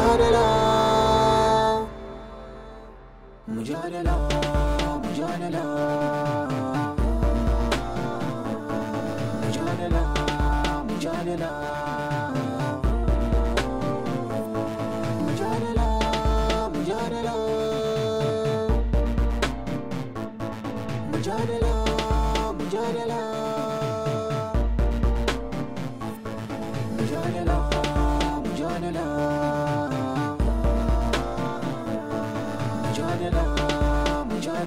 mujadala mujadala mujadala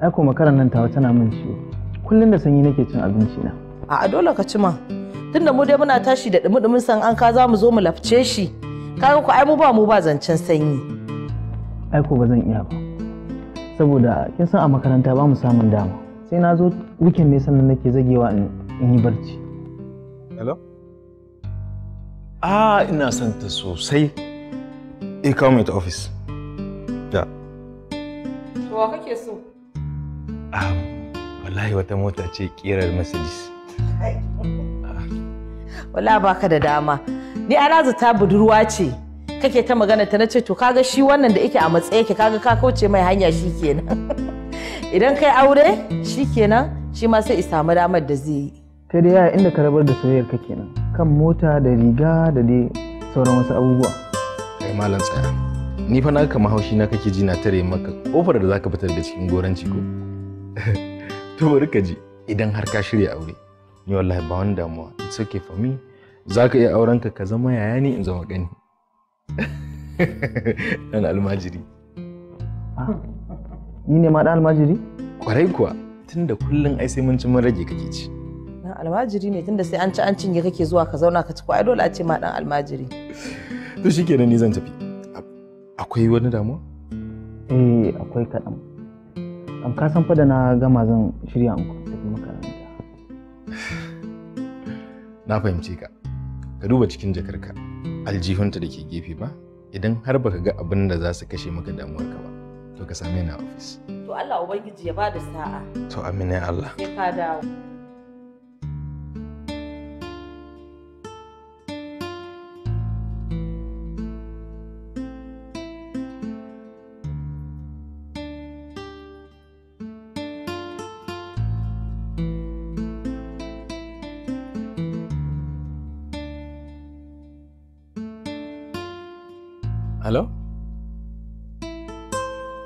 ai kuma nan tawa tana min ciwo kullun da sanyi nake cin abinci na a dole ka ci ma tunda mu dai muna tashi da dumi dumin san an ka za mu zo mu lafce shi kaga ku ai mu ba mu ba zancen sanyi ai ko ba zan iya ba saboda kin san a makaranta ba mu samun dama sai na zo weekend ne sannan nake zagewa in yi barci hello ah ina son ta sosai e kawo mai ta office da to kake so wallahi wata mota ce kirar mercedes wala baka da dama ni arazu ta budurwa ce kake ta magana ta nace to kaga shi wannan da yake a matsa yake kaga ka kauce mai hanya shi kenan, idan kai aure shi kenan shi ma sai samu damar da zai yi kai da yaya inda ka rabar da soyayyar ka kenan kan mota da riga da dai sauran wasu abubuwa kai malam tsaya ni fa na kama haushi na kake ji na tare maka kofar da zaka fitar da cikin goranci ko to bari ka ji idan har ka shirya aure ni wallahi ba wani damuwa it's okay for me za ka iya auren ka ka zama yaya ni in zama gani dan almajiri ah, ni ne ma dan almajiri kwarai kuwa tunda kullum ai sai mun ci mun rage kake ci dan almajiri ne tunda sai an ci an cinye kake zuwa ka zauna ka ci ai dole a ce ma dan almajiri to shikenan ni zan tafi akwai wani damuwa eh akwai kaɗan am ka san fa da na gama zan shirya an tafi makaranta na fahimce ka ka duba cikin jakarka aljihunta da ke gefe ba idan har baka ga abin da za su kashe maka damuwar ka ba to ka same ni a ofis to Allah ubangiji ya bada sa'a to amina Allah ka dawo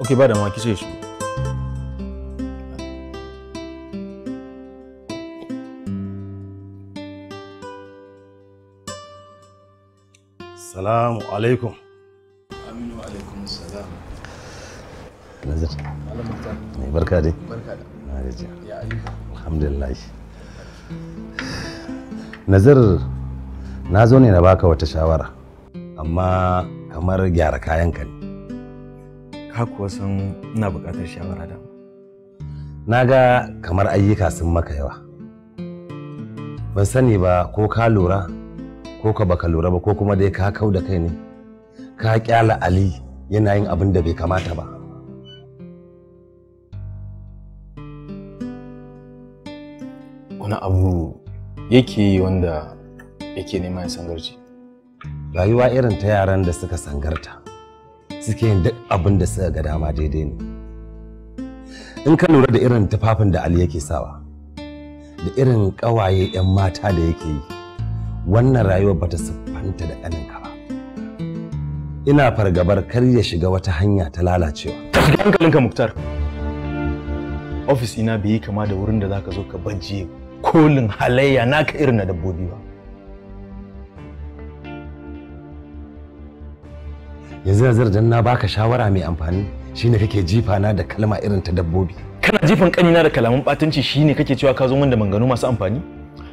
Ok bada ma ki ce shi. Salamu alaikum. Aminu alaikum salam. Nazir. Mai barka dai. Barka da. Ya ayyuka. Alhamdulillah. Nazir na zo ne na baka wata shawara amma kamar gyara kayan ka ne. ka kuwa san ina buƙatar shawara da na ga kamar ayyuka sun maka yawa ban sani ba ko ka lura ko ka baka lura ba ko kuma dai ka kau da kai ne ka kyala ali yana yin abin da bai kamata ba wani abu yake yi wanda yake neman sangarci rayuwa irin ta yaran da suka sangarta suke yin duk abin da suka ga dama daidai ne in ka lura da irin tufafin da ali yake sawa da irin ƙawaye 'yan mata da yake yi wannan rayuwar bata siffanta da ƙaninka ba ina fargabar kar ya shiga wata hanya ta lalacewa Ta shiga hankalinka muktar ofis ina bai yi kama da wurin da ka zo ka bajiye kolin halayya naka irin na dabbobi ba yanzu na dan na baka shawara mai amfani shine kake jifa na da kalma irin ta dabbobi kana jifan kanina da kalaman batunci shine kake cewa ka zo min da manganu masu amfani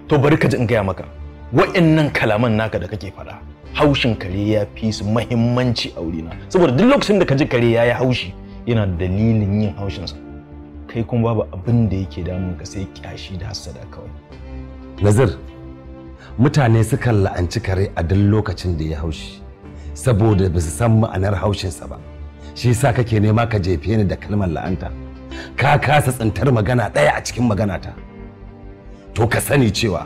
to bari ka ji in gaya maka wa'annan kalaman naka da kake faɗa haushin kare ya fi su muhimmanci a wurina saboda duk lokacin da ka ji kare ya yi haushi yana da dalilin yin haushinsa kai kuma babu abin da yake damun ka sai kyashi da hassada kawai nazir mutane sukan la'anci kare a duk lokacin da ya haushi saboda ba su san ma'anar haushinsa ba shi yasa kake nema ka jefe ni da kalmar la'anta ka kasa tsintar magana ɗaya a cikin maganata to ka sani cewa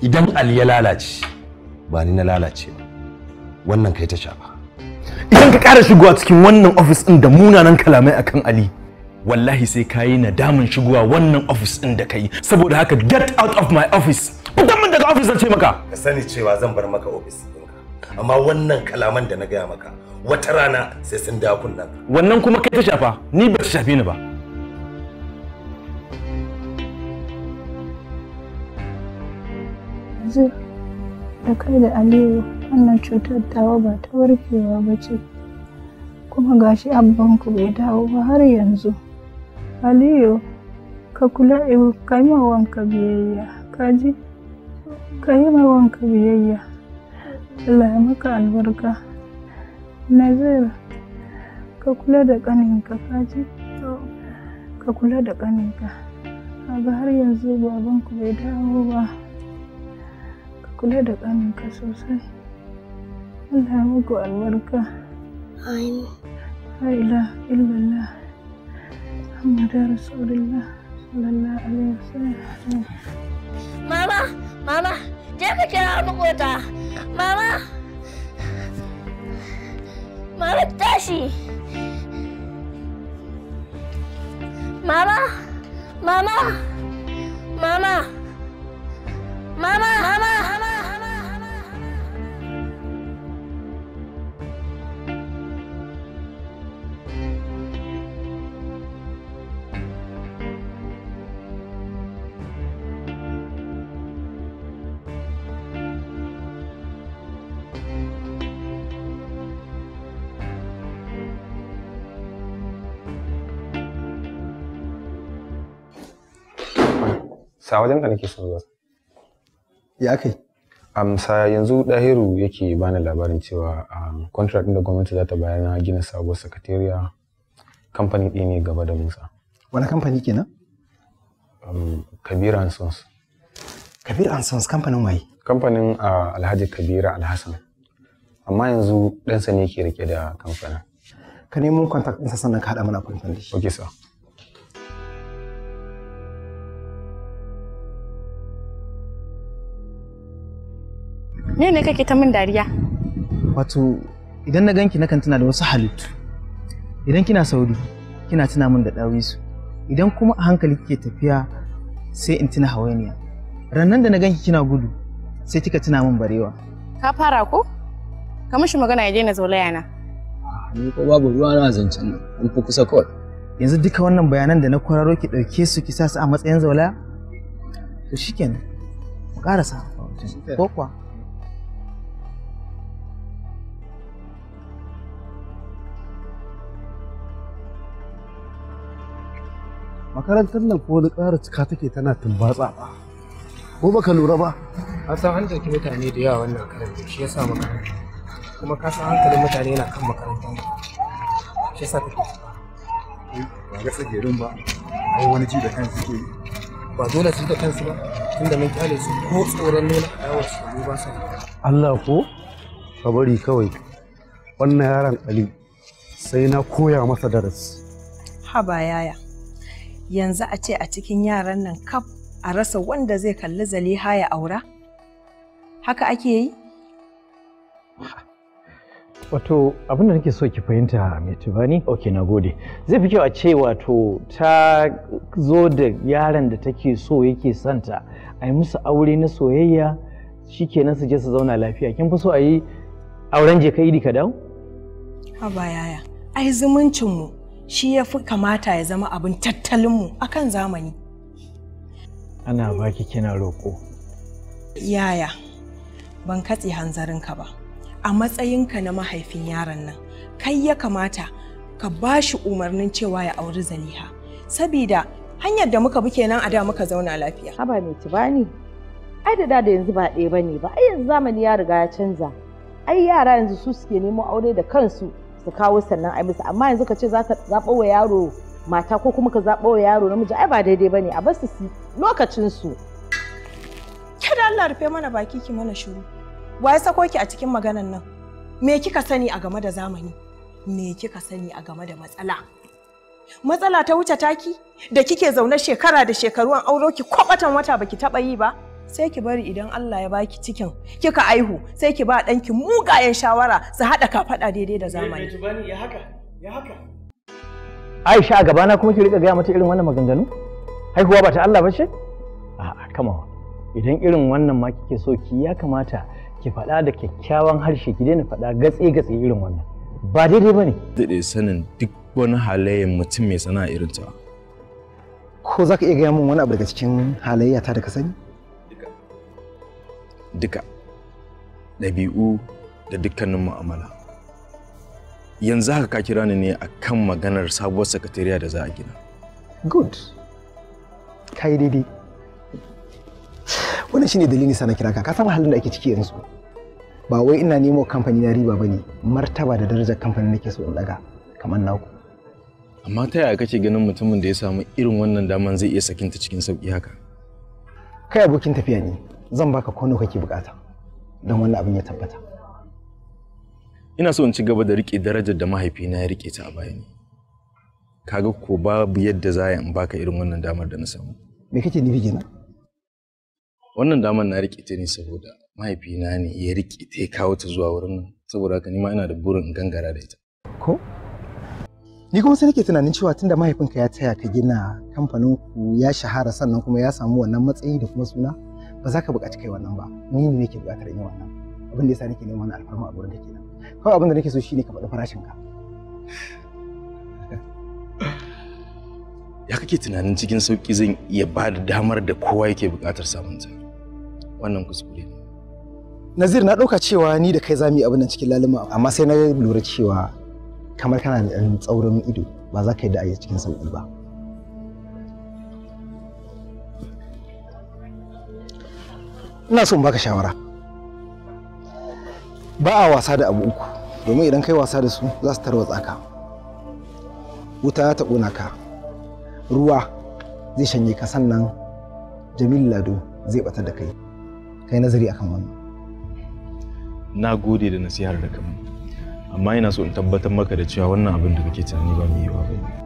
idan ali ya lalace ba ni na lalace ba wannan kai ta shafa idan ka ƙara shigowa cikin wannan ofis ɗin da munanan kalamai akan ali wallahi sai ka yi nadamin shigowa wannan ofis ɗin da ka yi saboda haka get out of my office fitan min daga ofis zan ce maka ka sani cewa zan bar maka ofis amma wannan kalaman da na gaya maka wata rana sai sun da wannan kuma kai ta shafa ni ba ta shafe ni ba yanzu da kai da aliyu wannan cutar tawa ba ta warkewa ba ce kuma gashi abbanku bai dawo ba har yanzu aliyu ka kula eh, ka yi ma wanka biyayya ka ji ka yi ma wanka biyayya Allah ya maka albarka Nazir ka kula da ƙaninka kaji ka kula da ƙaninka ga har yanzu babanku bai dawo ba ka kula da ƙaninka sosai Allah ya maka albarka Amin Haila, ilaha illallah Muhammadu Rasulullah sallallahu alaihi wasallam Mama mama dia kira aku kota. Mama, mama tasi. Mama, mama, mama, mama, mama. sa wajen ka nake son zuwa ya kai amsa yanzu dahiru yake bani labarin cewa um, contract da gwamnati za ta bayar na gina sabuwar sakatariya kamfani ɗaya ne gaba da musa wani kamfani kenan um, kabir and sons kabir and sons kamfanin waye kamfanin uh, alhaji kabira alhassan amma yanzu ɗansa ne ke rike da kamfanin ka nemo contact ɗinsa sannan ka haɗa mana shi okay sir ne ne kake ta min dariya wato idan na ganki nakan tuna da wasu halittu idan kina sauri kina tuna min da dawisu idan kuma a hankali kike tafiya sai in tuna hawainiya rannan da na ganki kina gudu sai kika tuna min barewa ka fara ko ka mishi magana ya daina zaulaya na ni ko babu ruwa na zancen nan an fi kusa kawai yanzu duka wannan bayanan da na kwararo ki dauke su ki sa su a matsayin zaulaya to shikenan ƙarasa ko kuwa makarantar nan ko wani ƙara cika take tana tumbatsa ba ko baka lura ba a san an jirki mutane da yawa wannan karanta shi yasa makaranta kuma ka san hankalin mutane yana kan makaranta shi yasa take ba ga tsagerin ba ai wani ji da kansu ke ba dole su da kansu ba tunda mun kyale su ko tsoron nuna ayawar su ba su Allah ko ka bari kawai wannan yaron Ali sai na koya masa darasi haba yaya yanzu a ce a cikin yaran nan kaf a rasa wanda zai kalli zaliha ya aura? Haka ake yi? Wato abin da nake so ki fahimta mai tubani? Ok, na gode. Zai fi kyau a ce wato ta zo da yaran da take so yake santa a yi musu aure na soyayya shi ke su je su zauna lafiya. Kin fi so a yi auren je ka idi ka dawo? Haba yaya, ai zumuncinmu shi ya fi kamata ya zama abin tattalinmu a kan zamani. Ana baki kina roƙo. Yaya, ban katse hanzarinka ba, a matsayinka na mahaifin yaron nan, kai ya kamata ka ba shi umarnin cewa ya auri zaliha, sabida hanyar da muka bi kenan a da muka zauna lafiya. Haba mai tibani, ai da da yanzu ba ɗaya ba ne ba, ai yanzu zamani ya riga ya canza. Ai yara yanzu su suke nemo aure da kansu su kawo sannan a bisa amma yanzu ka ce za ka zaɓo wa yaro mata ko kuma ka zaɓo wa yaro namiji ai ba daidai ba ne a basu su lokacin su. Kada Allah rufe mana baki ki mana shiru. Wa ya sako ki a cikin maganan nan? Me kika sani a game da zamani? Me kika sani a game da matsala? Matsala ta wuce taki da kike zaune shekara da shekaru an auro ki kwabatan wata baki taɓa yi ba? sai ki bari idan Allah ya baki cikin kika aihu sai ki ba ɗanki mugayen shawara su haɗa kafaɗa daidai da zamani. Eh, ya haka ya haka. Aisha a gabana kuma ki riƙa gaya mata irin wannan maganganu? Haihuwa ba ta Allah ba ce? A'a kama Idan irin wannan ma kike so ki ya kamata ki faɗa da kyakkyawan harshe ki daina faɗa gatse-gatse irin wannan. Ba daidai ba ne. Daɗe sanin duk wani halayen mutum mai sana'a irin ta. Ko za ka iya gaya min wani abu daga cikin halayyata da ka sani? duka ɗabi'u da dukkanin mu'amala yanzu haka ka kira ni ne a kan maganar sabuwar sakatariya da za a gina good ka yi daidai wannan shine dalilin sana na kira ka ka san halin da ake ciki yanzu ba wai ina nemo kamfani na riba ba ne martaba da darajar kamfani nake so in daga kamar naku amma ta yaya kake ganin mutumin da ya samu irin wannan daman zai iya sakinta cikin sauki haka kai abokin tafiya ne zan baka kwano kake bukata don wannan abin ya tabbata ina so in ci gaba da rike darajar da mahaifina ya rike ta a bayani kaga ko babu yadda za in baka irin wannan damar da na samu me kake nufi gina wannan damar na rike ta ne saboda mahaifina ne ya rike ta ya kawo ta zuwa wurin nan saboda haka ni ma ina da burin in gangara da ita ko ni kuma sai nake tunanin cewa tunda mahaifinka ya taya ka gina kamfanin ku ya shahara sannan kuma ya samu wannan matsayi da kuma suna ba za ka buƙaci kai wannan ba ni ne nake buƙatar yin wannan abin da yasa nake neman wannan alfarma a gurin ka kenan kawai abin da nake so shine ka faɗi farashin ka ya kake tunanin cikin sauƙi zan iya ba da damar da kowa yake buƙatar samun ta wannan kuskure ne Nazir na ɗauka cewa ni da kai za mu yi abin nan cikin laluma amma sai na lura cewa kamar kana da ɗan tsaurin ido ba za ka yi da cikin sauƙi ba ina so in baka shawara ba a wasa da abu uku domin idan kai wasa da su za su tarwatsa ka wuta ta ƙona ka ruwa zai shanye ka sannan jamilu lado zai bata da kai kai nazari akan wannan na gode da nasihar da amma ina so in tabbatar maka da cewa wannan abin da kake tunani ba mai yiwuwa ba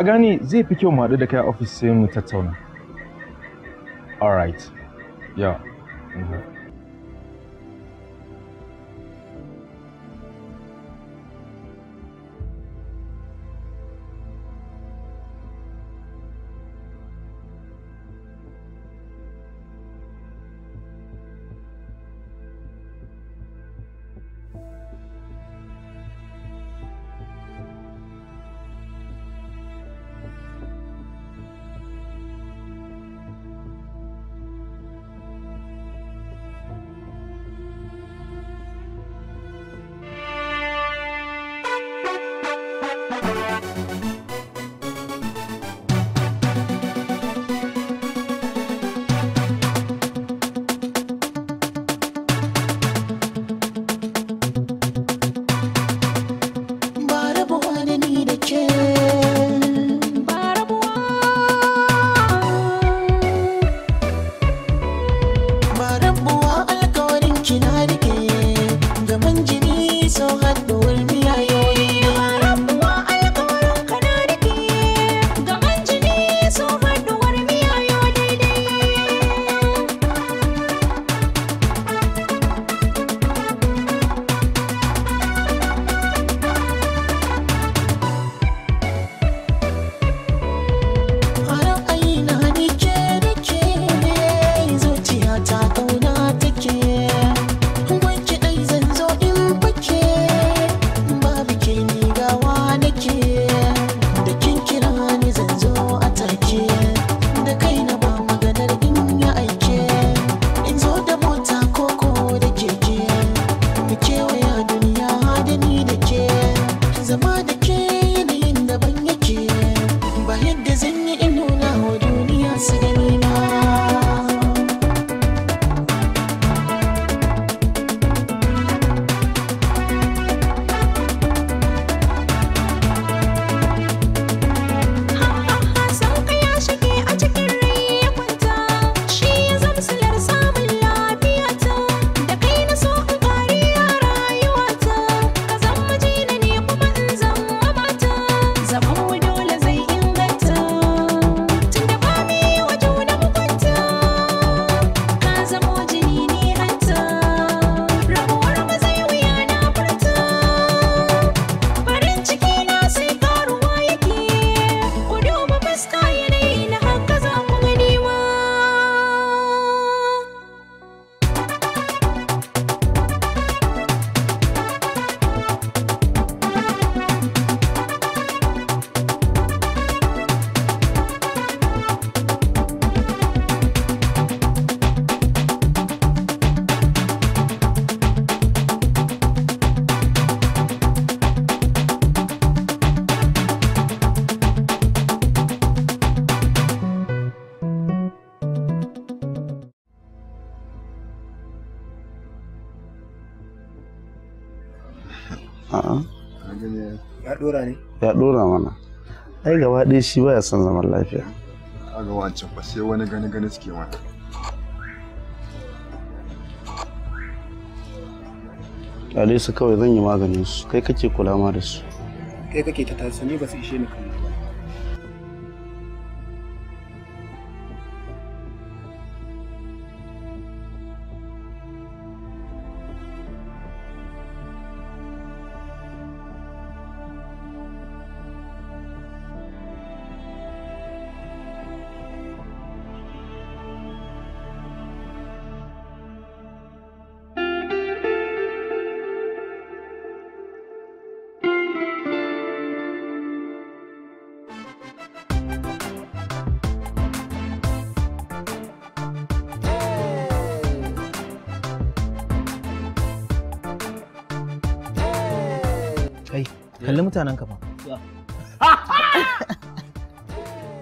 ka gane zai fi kyau mu haɗu da kai a ofis sai mu tattauna all right yeah mm -hmm. dai shi baya son zaman lafiya a ga wancan ba sai wani gani gani suke mata Alisa kawai zan yi maganin su kai kake kula ma da su kai kake ta tasiri ba su ishe ni kallon kalli mutanen ka fa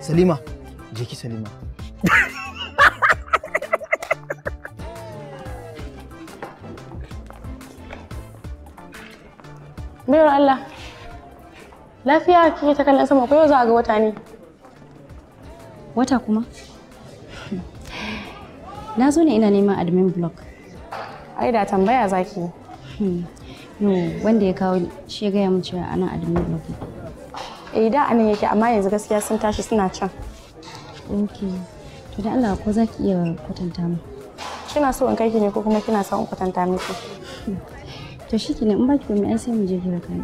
Salima je ki Salima Bayar Allah lafiya ke ta kallon sama ko yau za a ga wata ne wata kuma na zo ne ina neman admin block ai da tambaya zaki wanda ya kawo shi ya gaya mun cewa anan admin block eh da anan yake amma yanzu gaskiya sun tashi suna can ok to da Allah ko zaki iya kwatanta mu kina so in kai ki ne ko kuma kina son in kwatanta miki to ne in baki komai ai sai mu je kira kai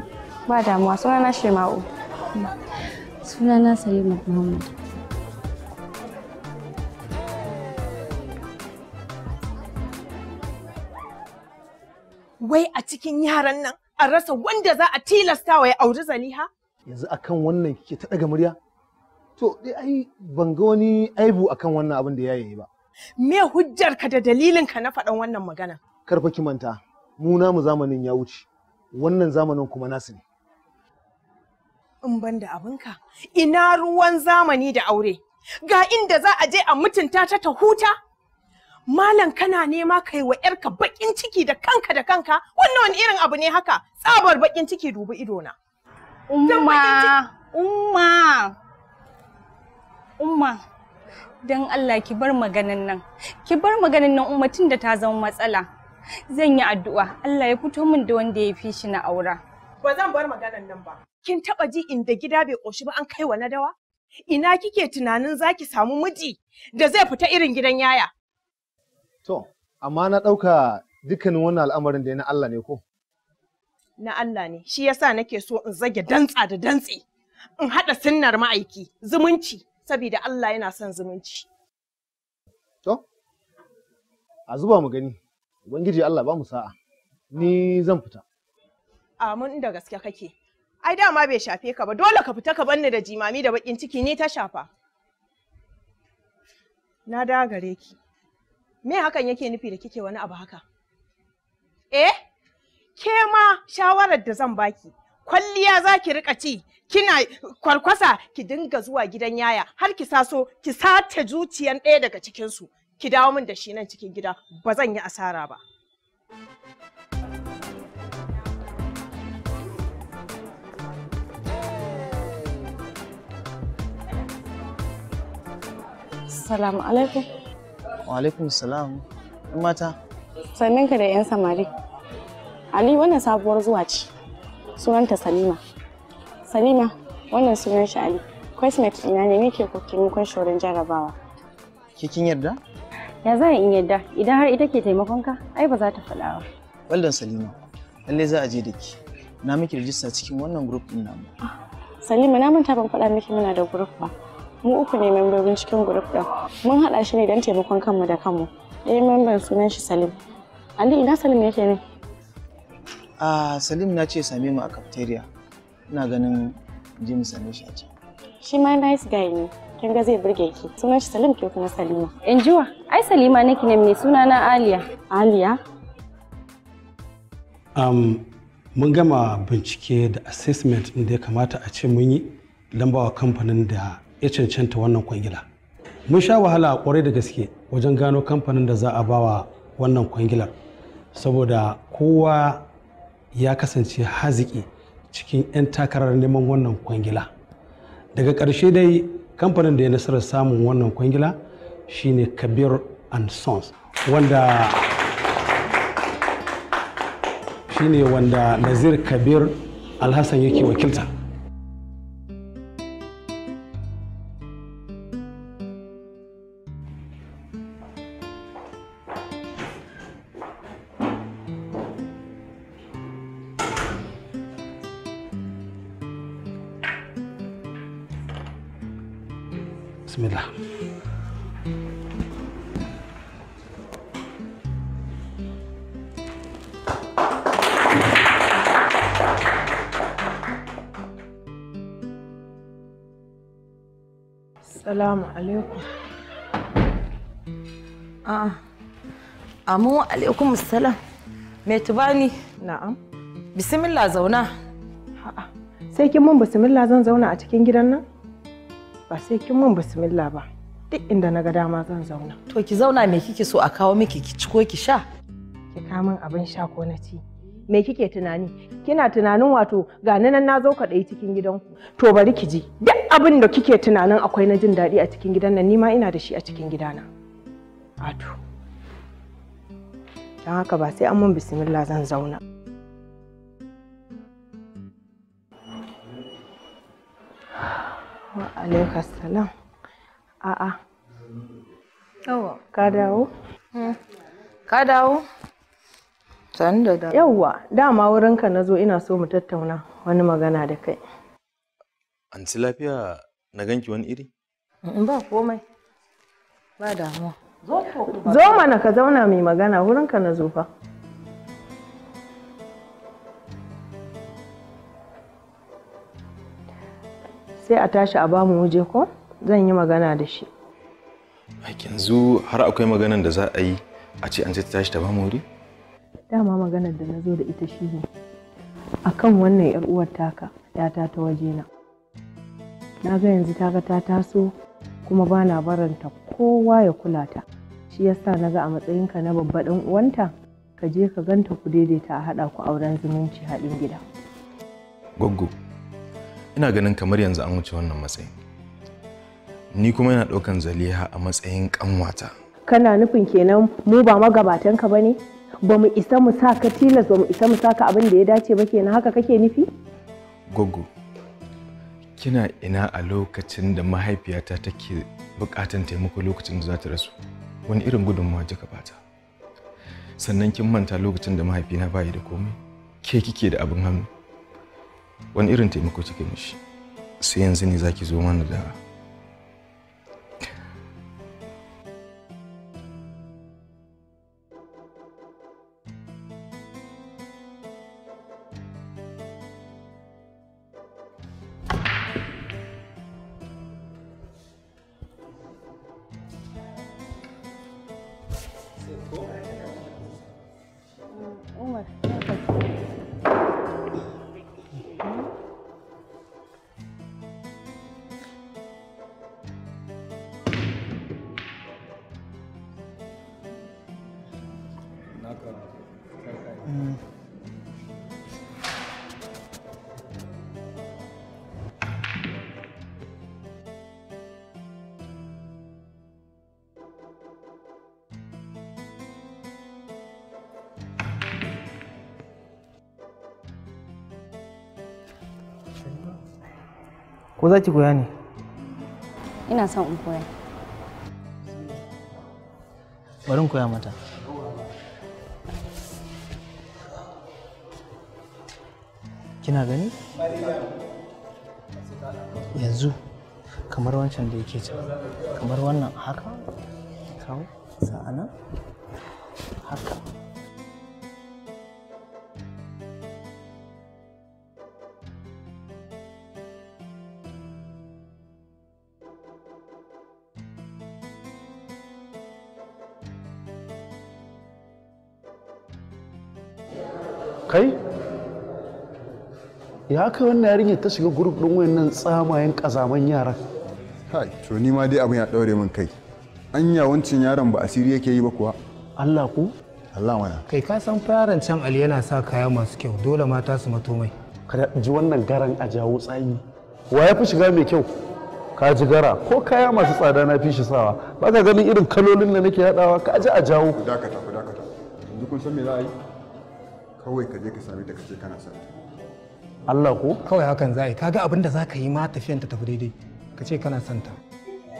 ba damuwa sunana Shema'u sunana Salima Muhammad wai a cikin yaran nan a rasa wanda za a tilasta wa ya auri zaliha? Yanzu akan wannan kike ta ɗaga murya? To, dai ai ban ga wani aibu akan wannan abin da ya yi ba. Me hujjar ka da ka na faɗan wannan magana? Karfa ki manta, mu namu zamanin ya wuce, wannan zamanin kuma nasu ne. In ban da abinka, ina ruwan zamani da aure, ga inda za a je a mutunta ta ta huta, malam kana nema kai wa yarka bakin ciki da kanka da kanka wannan wani irin abu ne haka tsabar bakin ciki dubi idona umma umma umma don Allah ki bar maganan nan ki bar maganan nan umma da ta zama matsala zan yi addu'a Allah ya fito min da wanda ya fi shi na aura ba zan bar maganan nan ba kin taba ji inda gida bai ƙoshi ba an kai wa na dawa ina kike tunanin zaki samu miji da zai fita irin gidan yaya To, amma na ɗauka dukkanin wannan al'amarin da na Allah ne ko? Na Allah ne, shi yasa nake so in zage dantsa da dantse, in haɗa sunnar ma'aiki, zumunci, saboda Allah yana son zumunci. To, a zuba mu gani, Ubangiji Allah ba mu sa'a, ni zan fita. Amin da gaske kake, ai dama bai shafe ka ba, dole ka fita ka banni da jimami da baƙin ciki ni ta shafa. Na dagare ki. me hakan yake nufi da kike wani abu haka eh ke ma shawarar da zan baki kwalliya za ki rika ci kina kwarkwasa ki dinga zuwa gidan yaya har ki saso ki sata zuciyan ɗaya daga cikinsu ki dawo min da shi nan cikin gida ba zan yi asara ba Assalamu alaikum. Wa salam. Ɗan mata. Sannan ka da 'yan samari. Ali wannan sabuwar zuwa ce. Sunanta Salima. Salima wannan sunan shi Ali. Classmate ina ne nake kokin kun shorin jarabawa. Kikin kin yarda? Ya za in yarda idan har ita ke taimakon ka ai ba za ta faɗa ba. Wallan Salima. Lalle za a je da ki. Na miki rijista cikin wannan group din namu. Ah, Salima na manta ban faɗa miki muna da group ba. mu uku ne membobin cikin grup ɗin mun haɗa shi ne don taimakon kanmu da kanmu ɗaya memban sunan shi salim ali ina salim yake ne a salim na ce same mu a cafeteria ina ganin jim mu same shi a can shi ma nice guy ne kin ga zai burge ki sunan shi salim ke kuma salima in jiwa ai salima nake ne mai suna na aliya aliya um, mun gama bincike da assessment da ya kamata a ce mun yi lambawa kamfanin da ya cancanta wannan kwangila mun sha wahala a kwarai da gaske wajen gano kamfanin da za a bawa wannan kwangilar saboda kowa ya kasance haziki cikin 'yan takarar neman wannan kwangila daga ƙarshe dai kamfanin da ya nasarar samun wannan kwangila shine kabir and sons wanda shine wanda nazir kabir alhassan yake wakilta alaikum salam. Mai tubani? Na'am. Bismillah zauna. A'a. Sai kin mun bismillah zan zauna a cikin gidan nan? Ba sai kin mun bismillah ba. Duk inda na ga dama zan zauna. To ki zauna me kike so a kawo miki ki ci ko ki sha? Ki kawo min abin sha ko na ci. me kike tunani kina tunanin wato ga nan na zo ka dai cikin gidanku to bari ki ji duk abin da kike tunanin akwai na jin daɗi a cikin gidan nan nima ina da shi a cikin gidana wato don haka ba sai an mun bismillah zan zauna wa alaikassalam a'a yawa ka dawo hmm. ka dawo da da yawa dama wurinka na zo ina so mu tattauna wani magana da kai an ci lafiya na ganki wani iri mm, ba komai ba damuwa zo mana ka zauna mai magana wurinka na zo sai a tashi a bamu waje ko zan yi magana da shi yanzu har akwai maganan da za a yi a ce an ce tashi ta bamu wuri dama maganar da na zo da ita shi ne a kan wannan yar uwar taka yata ta waje na Na ga yanzu ta ga ta taso kuma ba na baranta kowa ya kula ta shi yasa na ga a matsayinka na babba ɗan uwanta ka je ka ganta ku daidaita a haɗa ku auren zumunci haɗin gida. Goggo, ina ganin kamar yanzu an wuce wannan matsayin. Ni kuma yana ɗaukan zaliha a matsayin ƙanwata. Kana nufin kenan mu ba magabatan ba ne? Ba mu isa mu sa ka tilas ba mu isa mu sa ka abin da ya dace ba kenan haka kake nufi? Goggo, kina ina a lokacin da mahaifiyata take bukatan taimako lokacin da za ta rasu. wani irin gudunmawa kika bata sannan kin manta lokacin da mahaifina bayi da komai ke kike da abin hannu wani irin taimako kike mishi sai yanzu ne zaki zo mana da za ki koya ne ina son in koya bari in koya mata kina gani yanzu kamar wancan da yake can kamar wannan haka kawo sa'ana haka ya kai wannan yarinyar ta shiga gurup ɗin wayannan tsamayen ƙazaman yaran kai to ni ma dai abin ya ɗaure min kai an yawancin yaron ba asiri yake yi ba kuwa Allah ku Allah mana kai ka san fara can Ali yana sa kaya masu kyau dole mata su mato mai kada ji wannan garan a jawo tsayi wa ya fi shiga mai kyau ka ji gara ko kaya masu tsada na fi shi sawa ba ka ganin irin kalolin da nake haɗawa ka ji a jawo ku dakata ku dakata yanzu kun san me za a yi kawai ka je ka sami da ka ce kana sa Allah ko kawai hakan za yi kaga abin da za ka yi ma tafiyan ta tafi daidai ka ce kana son ta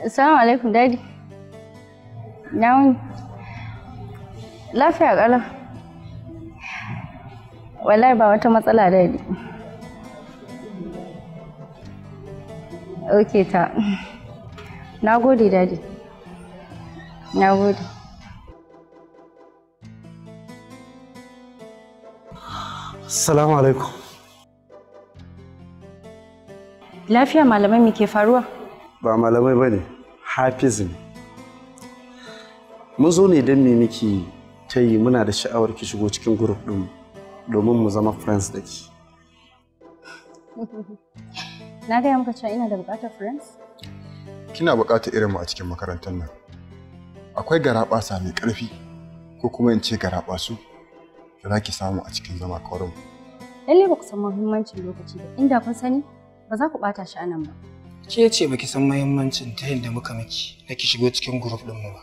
assalamu alaikum dadi na wani lafiya ƙalau wallahi ba wata matsala dadi ok ta na gode dadi na gode assalamu alaikum Lafiya malamai mu ke faruwa? Ba malamai ba ne, Hafiz ne. Mun zo ne don me miki ta yi muna da sha'awar ki shigo cikin group ɗin domin mu zama friends da ki. Na gaya muka cewa ina da buƙatar friends? Kina bukatar irin mu a cikin makarantar nan. Akwai garaɓasa mai ƙarfi ko kuma in ce garaɓasu da za ki samu a cikin zama kawarin Lallai ba ku san muhimmancin lokaci ba, inda kun sani ba za ku bata shi anan ba. Ke ce baki san mahimmancin ta da muka miki na ki shigo cikin group din mu ba.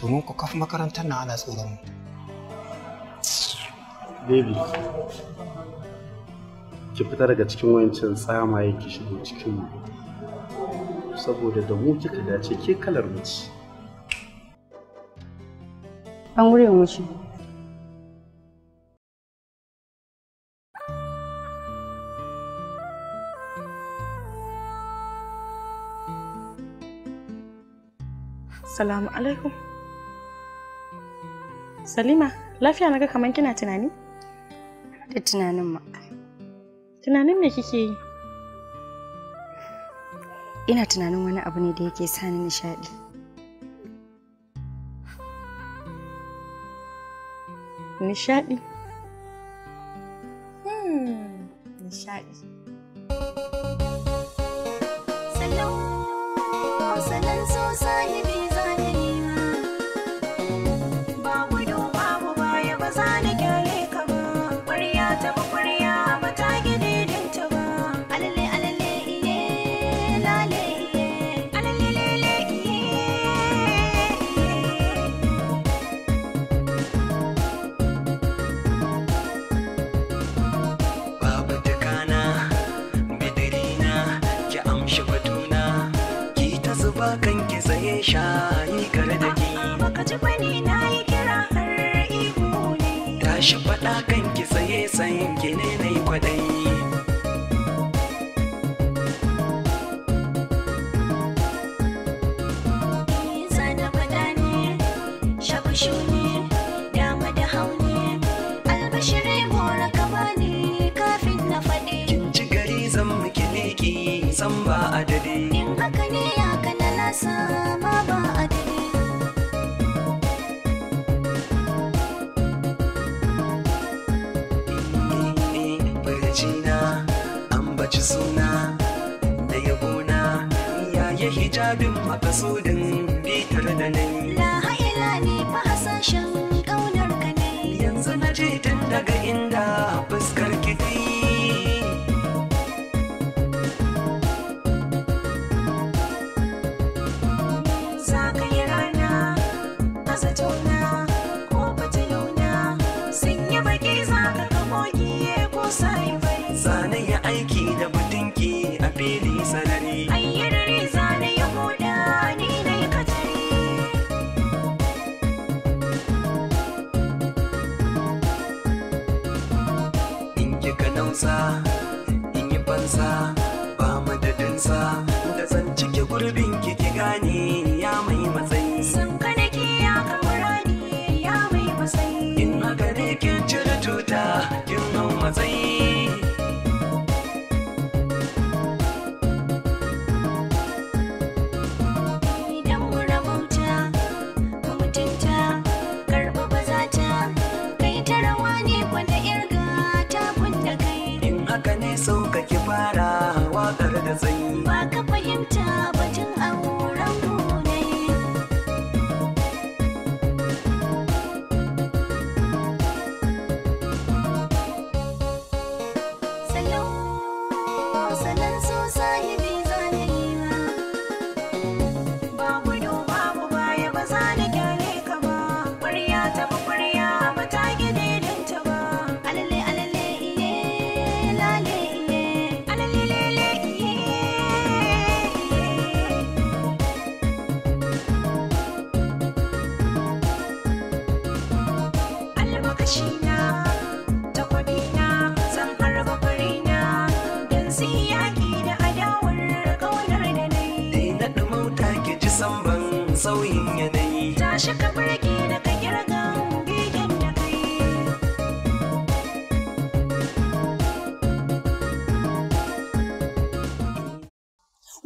Domin ku kafa makarantar na ana tsoron mu. Baby, ki fita daga cikin wancan tsamaye ki shigo cikin mu. Saboda da mu kika dace ke kalar mace. An gure mu shi. Salamu alaikum. Salima, lafiya naga kaman kina tunani? Da tunanin ma. Tunanin me kike yi? Ina tunanin wani abu ne da yake sani nishadi. Nishadi? Hmm, nishadi. tsaye shayi kar da ki baka ji na yi kira har ihu ne tashi faɗa ki tsaye tsayin ki ne na yi kwaɗayi bin makasudin bitar da ne. la ha'ila ne fa hasashen kaunar ka ne yanzu na je tun daga inda fuskar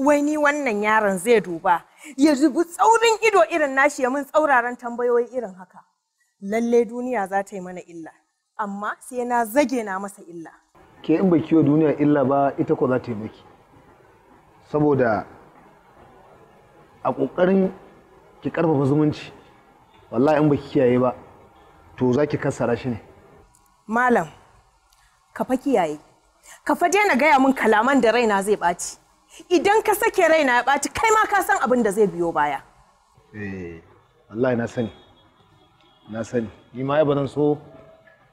wai ni wannan yaron zai duba ya zubi tsaurin ido irin nashi ya mun tsauraran tambayoyi irin haka lalle duniya za ta yi mana illa amma sai na zage na masa illa ke in baki wa duniya illa ba ita ko za ta yi maki saboda a ƙoƙarin ki ƙarfafa zumunci wallahi in baki kiyaye ba to za ki kassara shi ne malam ka fa kiyaye ka fa daina gaya min kalaman da raina zai ɓaci idan ka sake raina ya ɓaci kai ma ka san abin da zai biyo baya eh Allah na sani na sani ni ma ba zan so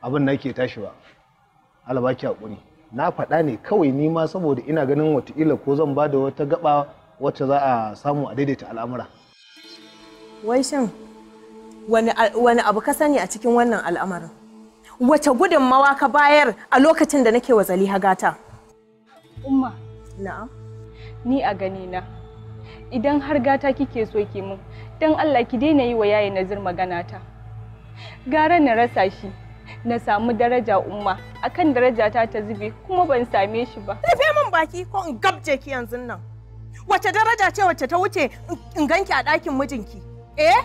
abin da ke tashi ba Allah baki hakuri na faɗa ne kawai ni ma saboda ina ganin wataƙila ko zan ba da wata gaba wacce za a samu a daidaita al'amura wai shin wani abu ka sani a cikin wannan al'amarin wace gudunmawa ka bayar a lokacin da nake wa zaliha gata umma na'am ni a ganina idan har gata kike so ki min don allah ki daina yi wa yaye nazir magana ta gara na rasa shi na samu daraja umma akan daraja ta ta zube kuma ban same shi ba rufe min baki ko in gabje ki yanzu nan wace daraja ce wace ta wuce in ganki a ɗakin mijinki eh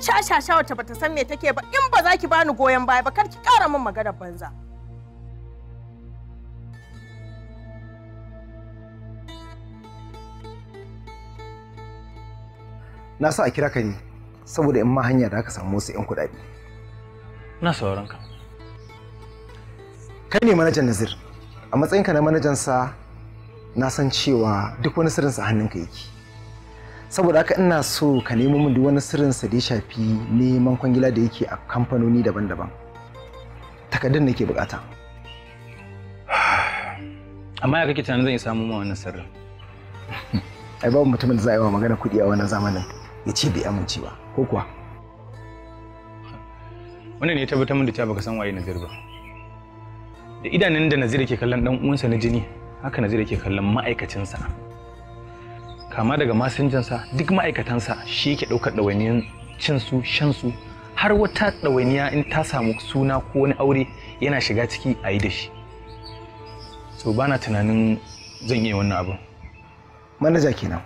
shashasha wata bata san me take ba in ba za ki bani goyon baya ba kar ki kara min maganar banza na sa a kira ka ne saboda in ma hanya da aka samu wasu 'yan kuɗaɗe. Na sauran ka. Kai ne manajan Nazir, a matsayinka na manajansa na san cewa duk wani sirrin sirrinsa hannunka yake. Saboda haka ina so ka nemo min duk wani sa da ya shafi neman kwangila da yake a kamfanoni daban-daban. Takardun nake bukata. Amma ya kake tunanin zan iya samu ma wannan sirrin? Ai babu mutumin da za a yi wa magana kuɗi a wannan zamanin. ya ce bai amince ba ko kuwa wannan ne ya tabbatar min da cewa baka san waye Nazir ba da idanun da Nazir ke kallon dan uwansa na jini haka Nazir ke kallon ma'aikacinsa kama daga masinjansa duk ma'aikatansa shi ke ɗaukar ɗawainiyar cin su shan su har wata ɗawainiya in ta samu suna ko wani aure yana shiga ciki a yi da shi so bana tunanin zan iya wannan abin manaja kenan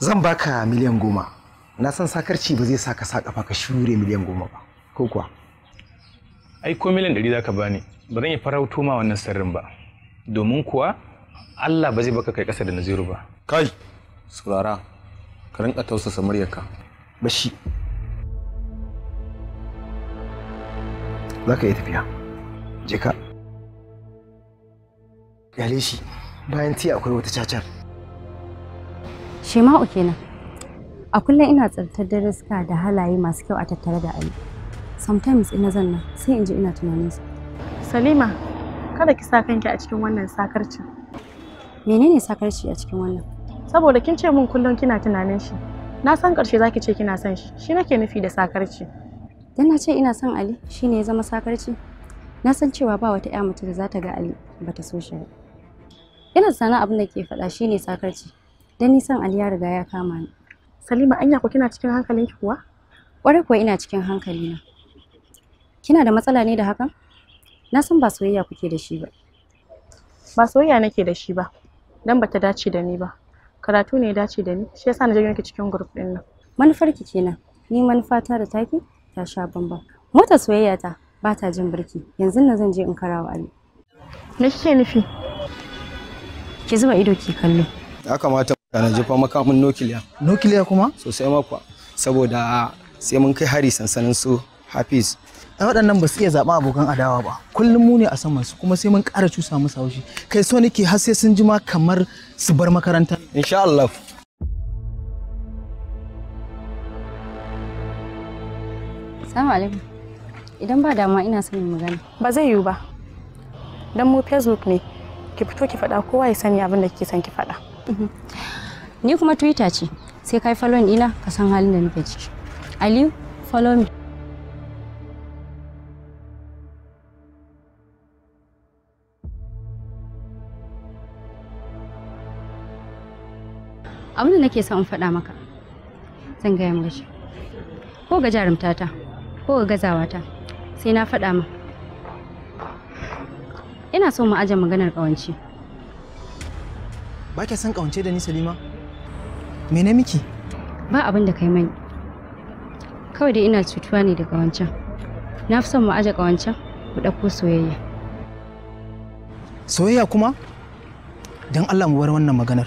zan baka miliyan goma na san sakarci ba zai sa ka sa kafa ka shure miliyan goma ba ko kuwa ai ko miliyan ɗari zaka bani ba zan yi farauto ma wannan sirrin ba domin kuwa Allah ba zai baka kai ƙasa da naziru ba kai saurara ka rinka tausasa muryarka bashi za ka yi tafiya je ka shi bayan tiya akwai wata cacar Shema'u kenan. A kullum ina tsartar daraska da halaye masu kyau a tattare da Ali. Sometimes ina zanna sai in ji ina tunanin su. Salima, kada ki sa kanki a cikin wannan sakarci. Menene sakarci a cikin wannan? Saboda kin ce min kullum kina tunanin shi. Na san karshe zaki ce kina son shi. Shi nake nufi da sakarci. Dan na ce ina son Ali, shine ya zama sakarci. Na san cewa ba wata 'ya mutu da za ta ga Ali bata so shi ba. Ina sana abin da ke faɗa shine sakarci. Dan nisan Ali ya riga ya kama ni. Salima anya ku kina cikin hankalin ki kuwa? Ƙwarai kuwa ina cikin hankali na. Kina da matsala ne da hakan? Na san ba soyayya kuke da shi ba. Ba soyayya nake da shi ba. Dan bata dace da ni ba. Karatu ne ya dace da ni, shi yasa na je ki cikin group din nan. ki kenan. Ni manufata da taki ta sha bamban. Mota soyayya ta ba ta jin birki. Yanzu nan zan je in karawa Ali. Me kike nufi? Ki zuba ido ki kallo. Ya kamata ranar jefa makamin nukiliya nukiliya kuma sosai makwa saboda sai mun kai hari sansanin su hafiz ai waɗannan ba su iya zaɓa abokan adawa ba kullum mu ne a saman su kuma sai mun ƙara cusa musu haushi kai so nake har sai sun jima kamar su bar makaranta insha Allah Assalamu alaikum idan ba dama ina son magana ba zai yiwu ba dan mu Facebook ne ki fito ki faɗa kowa ya sani abin da kike son ki faɗa Mhm. Ni kuma Twitter ce, sai kai falon ina ka san halin da nake ciki. Aliyu, follow me. abin da nake son in faɗa maka zan gaya maka shi ko ga jarumtata ko ga gazawata sai na faɗa ma ina so mu aje maganar ƙawanci Ba kya san ƙawance da ni Salima? Me na miki? Ba abin da kai mani. Kawai dai ina cutuwa ne da ƙawancen. Na fi son mu aje ƙawancen mu ɗauko soyayya. Soyayya kuma? Don Allah mu bar wannan maganar.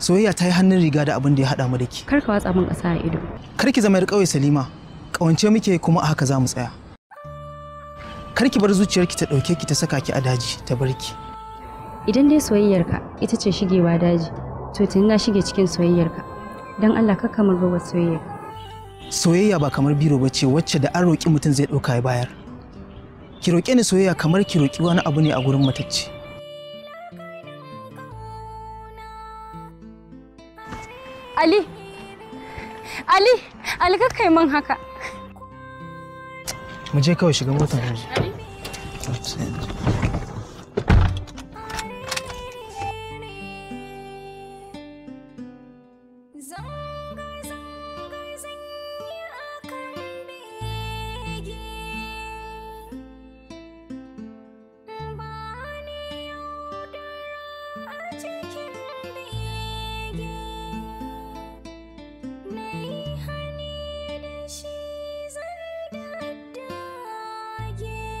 Soyayya ta yi hannun riga da abin da ya haɗa mu da ki. Kar ka watsa min ƙasa a ido. Kar ki zama yar ƙauye Salima. Ƙawance muke kuma a haka za mu tsaya. Kar ki bar zuciyarki ta ɗauke ki ta saka ki a daji ta bar ki. Idan dai soyayyarka ita ce shigewa daji to tuni na shige cikin soyayyarka don Allah ka kamar ba soyayya soyayya ba kamar biro ba ce wacce da an roƙi mutum zai ɗauka ya bayar ki roƙe ni soyayya kamar ki roƙi wani abu ne a gurin matacce Ali Ali Ali ka kai man haka mu je kawai shiga motar Ali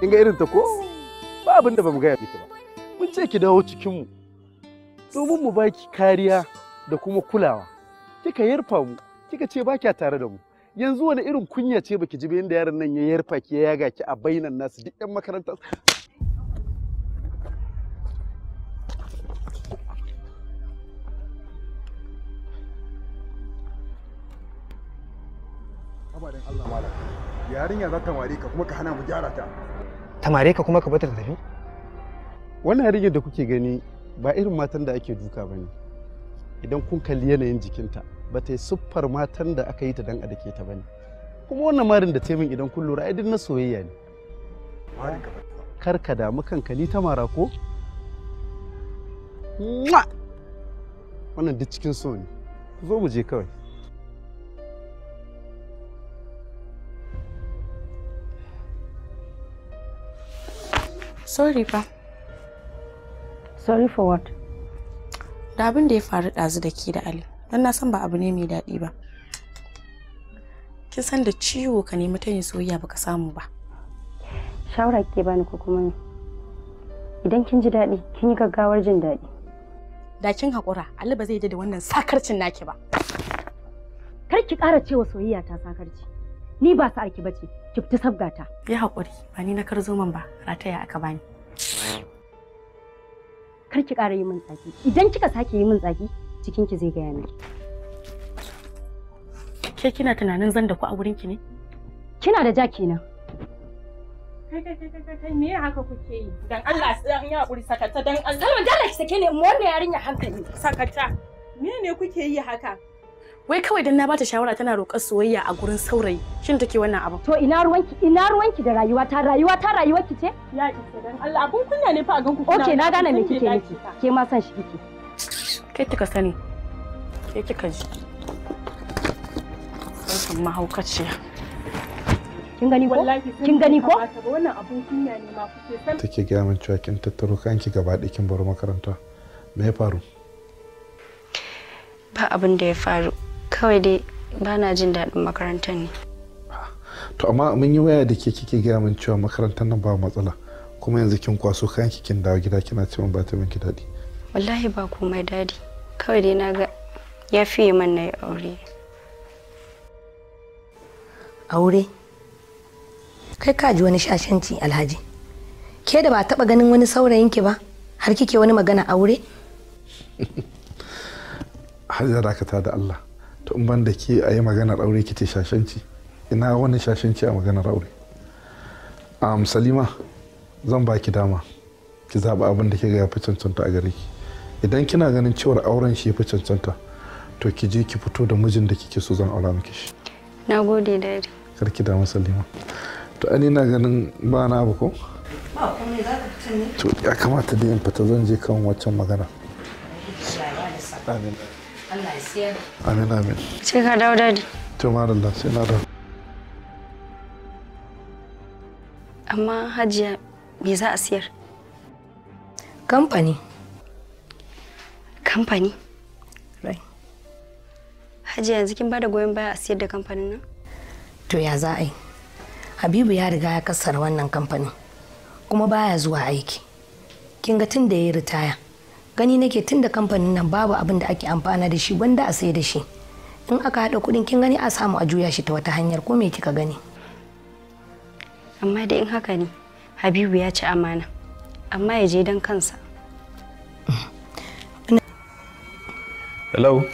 Kin ga irin ta ko? Ba abin da bamu gaya miki ba. Mun ce ki dawo cikin mu. Domin mu baki kariya da kuma kulawa. Kika yarfa mu, kika ce ba tare da mu. Yanzu wani irin kunya ce baki ji ba yanda yaron nan ya yarfa ki ya yaga ki a bainan nasu duk 'yan makaranta koma Allah mala. yarinya za ta ware ka kuma ka hana mu gyara ta ta mare ka kuma ka bata tafi wannan yarinyar da kuke gani ba irin matan da ake duka ba ne idan kun kalli yanayin jikinta ba ta yi siffar matan da aka yi ta dan a ta ba ne kuma wannan marin da ta min idan kun lura ai na soyayya ne kar ka damu kanka ni ta mara ko wannan duk cikin so ne zo mu je kawai Sorry pa. Sorry for what? Da abin da ya faru ɗazu da ke da Ali, don na san ba abu ne mai daɗi ba. Kin san da ciwo ka nemi ta yin soyayya baka samu ba. Shawara ke bani ko kuma ne. Idan kin ji daɗi, kin yi gaggawar jin daɗi. Da kin haƙura, Ali ba zai yi da wannan sakarcin naki ba. Kar ki ƙara cewa soyayya ta sakarci. Ni ba sa'arki bace. kifta sabgata ya haƙuri ba ni na karzo man ba rataya aka bani kar ki ƙara yi min tsaki idan kika sake yi min tsaki cikin ki zai gaya miki ke kina tunanin zan da ku a wurin ki ne kina da ja kenan kai kai kai kai me haka kuke yi dan Allah sai ya haƙuri sakata dan Allah Salman dalla ki sake ni mu wannan yarinya hankali sakata me ne kuke yi haka wai kawai dan na bata shawara tana roƙar soyayya a gurin saurayi shin take wannan abin to ina ruwanki ina ruwanki da rayuwa ta rayuwa ta rayuwa ki ce ya isa dan Allah abun kunya ne fa a ganku kuna okay na gane me kike miki ke ma san shi kike kai kika sani ke kika ji kan mahaukaciya kin gani ko kin gani ko wannan abun kunya ne ma kuke take gaya min cewa kin tattaro kanki gaba da kin bar makaranta me ya faru ba abin da ya faru kawai dai ba na jin daɗin makarantar ne to amma mun yi waya da ke kike gaya min cewa makarantar nan ba matsala kuma yanzu kin kwaso kayan kin dawo gida kina ce min ba ta miki daɗi wallahi ba komai daɗi kawai dai na ga ya fiye man na yi aure aure kai ka ji wani shashanci alhaji ke da ba taɓa ganin wani saurayin ki ba har kike wani magana aure har ka ta da Allah to in ban da ke a yi maganar aure ki shashanci ina wani shashanci a maganar aure um, salima zan ba ki dama ki zaɓa abin da ke ga fi cancanta a gare ki idan kina ganin cewar auren shi fi cancanta to ki je ki fito da mijin da kike so zan aura miki shi na gode dadi kar ki damu salima to ani na ganin ba na abu ko to ya kamata da in fita zan je kan waccan magana Amin. Amin amin. Ce ka dawo dadi. To madalla sai na dawo. Amma Hajiya me za a siyar? Kamfani. Kamfani? Hajiya yanzu kin bada goyon baya a siyar da kamfanin nan? To ya za a yi? Habibu ya riga ya kassara wannan kamfanin kuma baya zuwa aiki. Kin ga tun da ya yi ritaya. gani nake tun da kamfanin nan babu abin da ake amfana da shi wanda a sai da shi in aka haɗa kuɗin kin gani a samu a juya shi ta wata hanyar ko me kika gani amma da in haka ne habibu ya ci amana amma ya je don kansa hello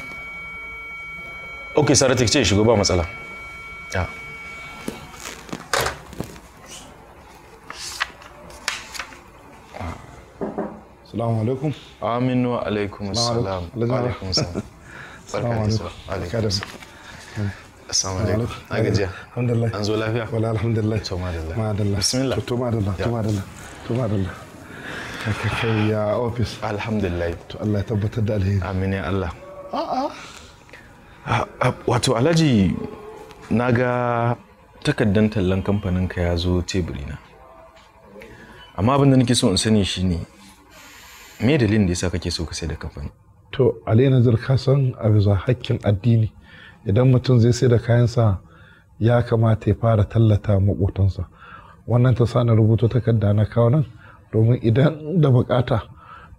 ok sarati ce shigo ba matsala Assalamu alaikum. wa alaikum assalam. Alaikum assalam. Barka da Alaikum assalam. alaikum. Na Alaikum Alaikum Alaikum Alaikum To Alaikum Madalla. Alaikum Alaikum Alaikum Alaikum kai ya Alaikum Alhamdulillah. Alaikum Alaikum Alaikum Amin ya Alaikum Wato Alhaji na ga Alaikum tallan kamfanin ka ya zo teburina. amma Alaikum da nake so in sani shine me dalilin da yasa kake so ka sai da kamfani to ali nazar ka san a hakkin addini idan mutum zai sai da kayansa ya kamata ya fara tallata makotansa wannan ta sani na rubuta takarda na kawo nan domin idan da bukata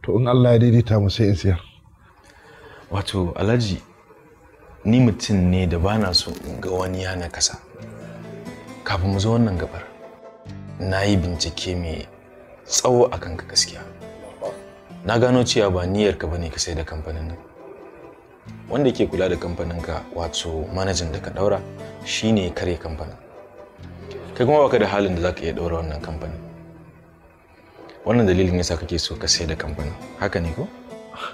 to in Allah ya daidaita mu sai in siyar wato alhaji ni mutum ne da ba na so in ga wani ya na kasa kafin mu zo wannan gabar na yi bincike mai tsawo akan ka gaskiya na gano cewa ba niyyarka bane ka sai da kamfanin nan wanda ke kula da kamfaninka wato manajan da ka daura shine kare kamfanin kai kuma baka da halin da za ka iya daura wannan kamfanin wannan dalilin yasa kake so ka sai da kamfanin haka ne ko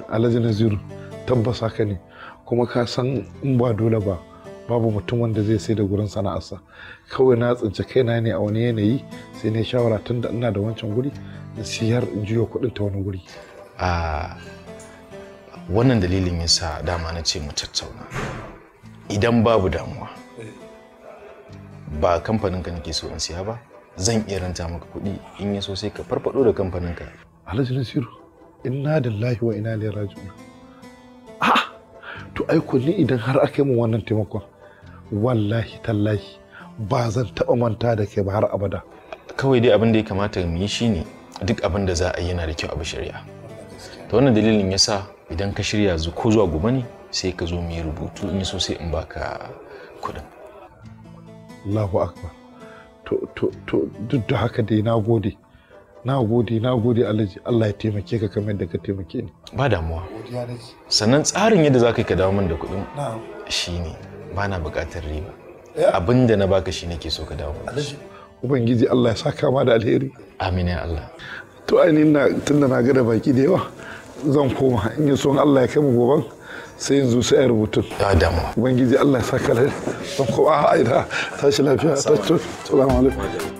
alhaji naziru tabbas haka ne kuma ka san in ba dole ba babu mutum wanda zai sai da gurin sana'arsa kawai na tsince kaina ne a wani yanayi sai na shawara tun da ina da wancan guri na siyar in juyo kuɗin ta wani guri wannan dalilin yasa dama na ce mu tattauna idan babu damuwa ba kamfaninka ka nake so in siya ba zan iya ranta maka kuɗi in ya so sai ka farfado da kamfanin ka alhaji nasiru inna lillahi wa inna ilaihi raji'un a'a to ai kulli idan har aka yi min wannan taimakon wallahi tallahi ba zan taɓa manta da kai ba har abada kawai dai abin da ya kamata mu yi shine duk abin da za a yi yana da kyau abu shari'a ta wannan dalilin yasa idan ka shirya ko zuwa gobe ne sai ka zo mu yi rubutu in so sai in baka kuɗin Allahu akbar to to to duk da haka dai na gode na gode na gode Allah ya taimake ka kamar yadda ka taimake ni ba damuwa sannan tsarin yadda za ka yi ka dawo min da kuɗin shine ba na buƙatar riba abin da na baka shi nake so ka dawo min ubangiji Allah ya saka ma da alheri amin ya Allah to ainihin na tunda na ga da baki da yawa zan koma in yi son Allah ya kai mu goban sai yanzu sai ya rubutun ya damu ubangiji Allah ya saka lafiya zan koma a ida tashi lafiya salamu alaikum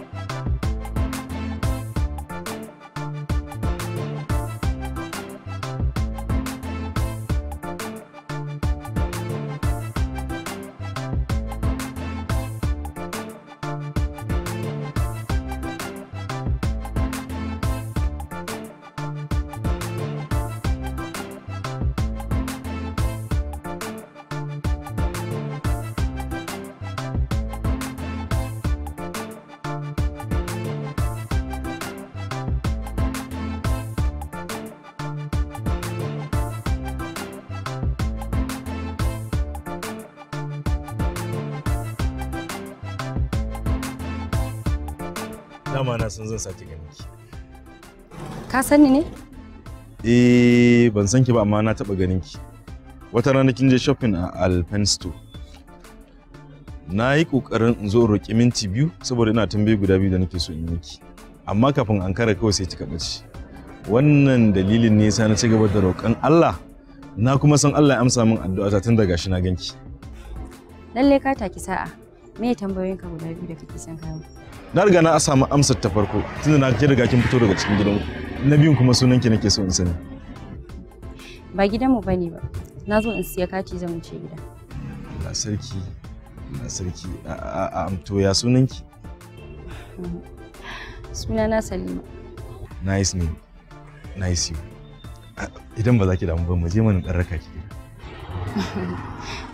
sani ne? Eh, ban san ki ba amma na taba ganin ki. Wata rana kin je shopping a Alpen store. Na yi kokarin in zo roƙi minti biyu saboda ina tambaye guda biyu da nake so in miki. Amma kafin an kare kawai sai kika ɓace. Wannan dalilin ne sa na ci gaba da roƙon Allah. Na kuma san Allah ya amsa min addu'ata tun daga shi na ganki. Lalle ka taki sa'a. Me ka guda biyu da kake son kawo? Na riga na samu amsar ta farko tunda na riga kin fito daga cikin gidanku. na biyun kuma ki nake so in sani ba gidanmu bane ba na zo in siya kati zan wuce gida Allah sarki Allah sarki a amto ya sunan suna sunana Salima nice name nice you idan ba za ki damu ba mu je mu raka ki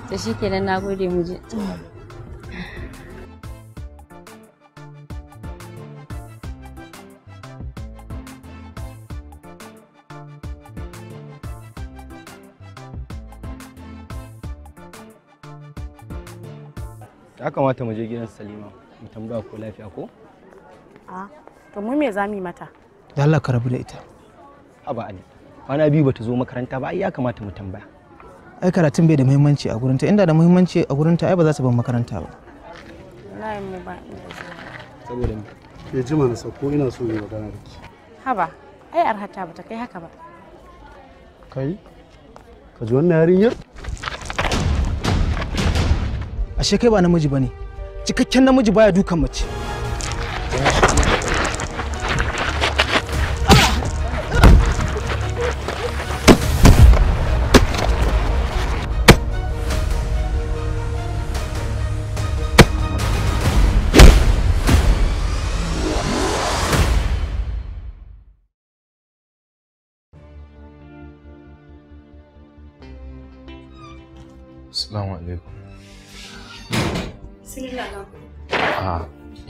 da shi kenan gode mu je ya kamata mu je gidan salima mu tambaya ko lafiya ko a to mu me zamu yi mata da Allah ka rabu da ita haba ali kwana biyu bata zo makaranta ba ai ya kamata mu tambaya ai karatun bai da muhimmanci a gurinta inda da muhimmanci a gurinta ai ba za su bar makaranta ba wallahi mu ba saboda ya ji mana sako ina so ne magana da ki haba ai arhata bata kai haka ba kai ka ji wannan yarinyar ashe kai ba namiji bane cikakken namiji baya dukan mace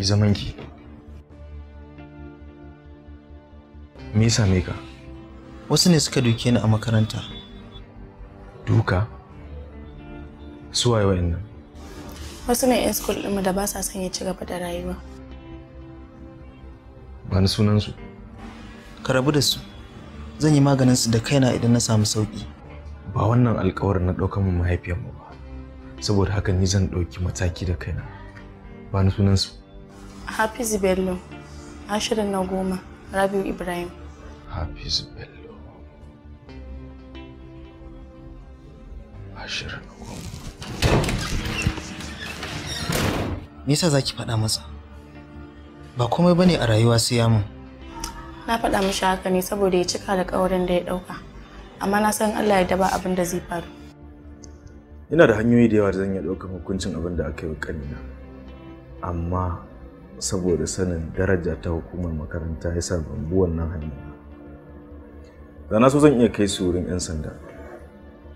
zaman ki me same ka wasu ne suka duke ni a makaranta duka su waye wayannan wasu ne 'yan school ɗinmu da ba sa son ya ci gaba da rayuwa ba ni sunansu ka rabu da su zan yi maganin su da kaina idan na samu sauki ba wannan alkawarin na ɗaukar mu mahaifiyarmu ba saboda haka ni zan ɗauki mataki da kaina ba ni sunansu Hafizu Bello, ashirin na goma, Rabiu Ibrahim. Hafiz Bello. Ashirin na goma. Me yasa za ki faɗa masa? Ba komai ba ne a rayuwa sai ya mun. Na faɗa mashi haka ne saboda ya cika da ƙaurin da ya ɗauka. Amma na san Allah ya daba abin da zai faru. Ina da hanyoyi da yawa da zan iya ɗaukar hukuncin abin da aka yi wa ƙanina. Amma saboda sanin daraja ta hukumar makaranta ya sa ban wannan ba da na so zan iya kai su wurin 'yan sanda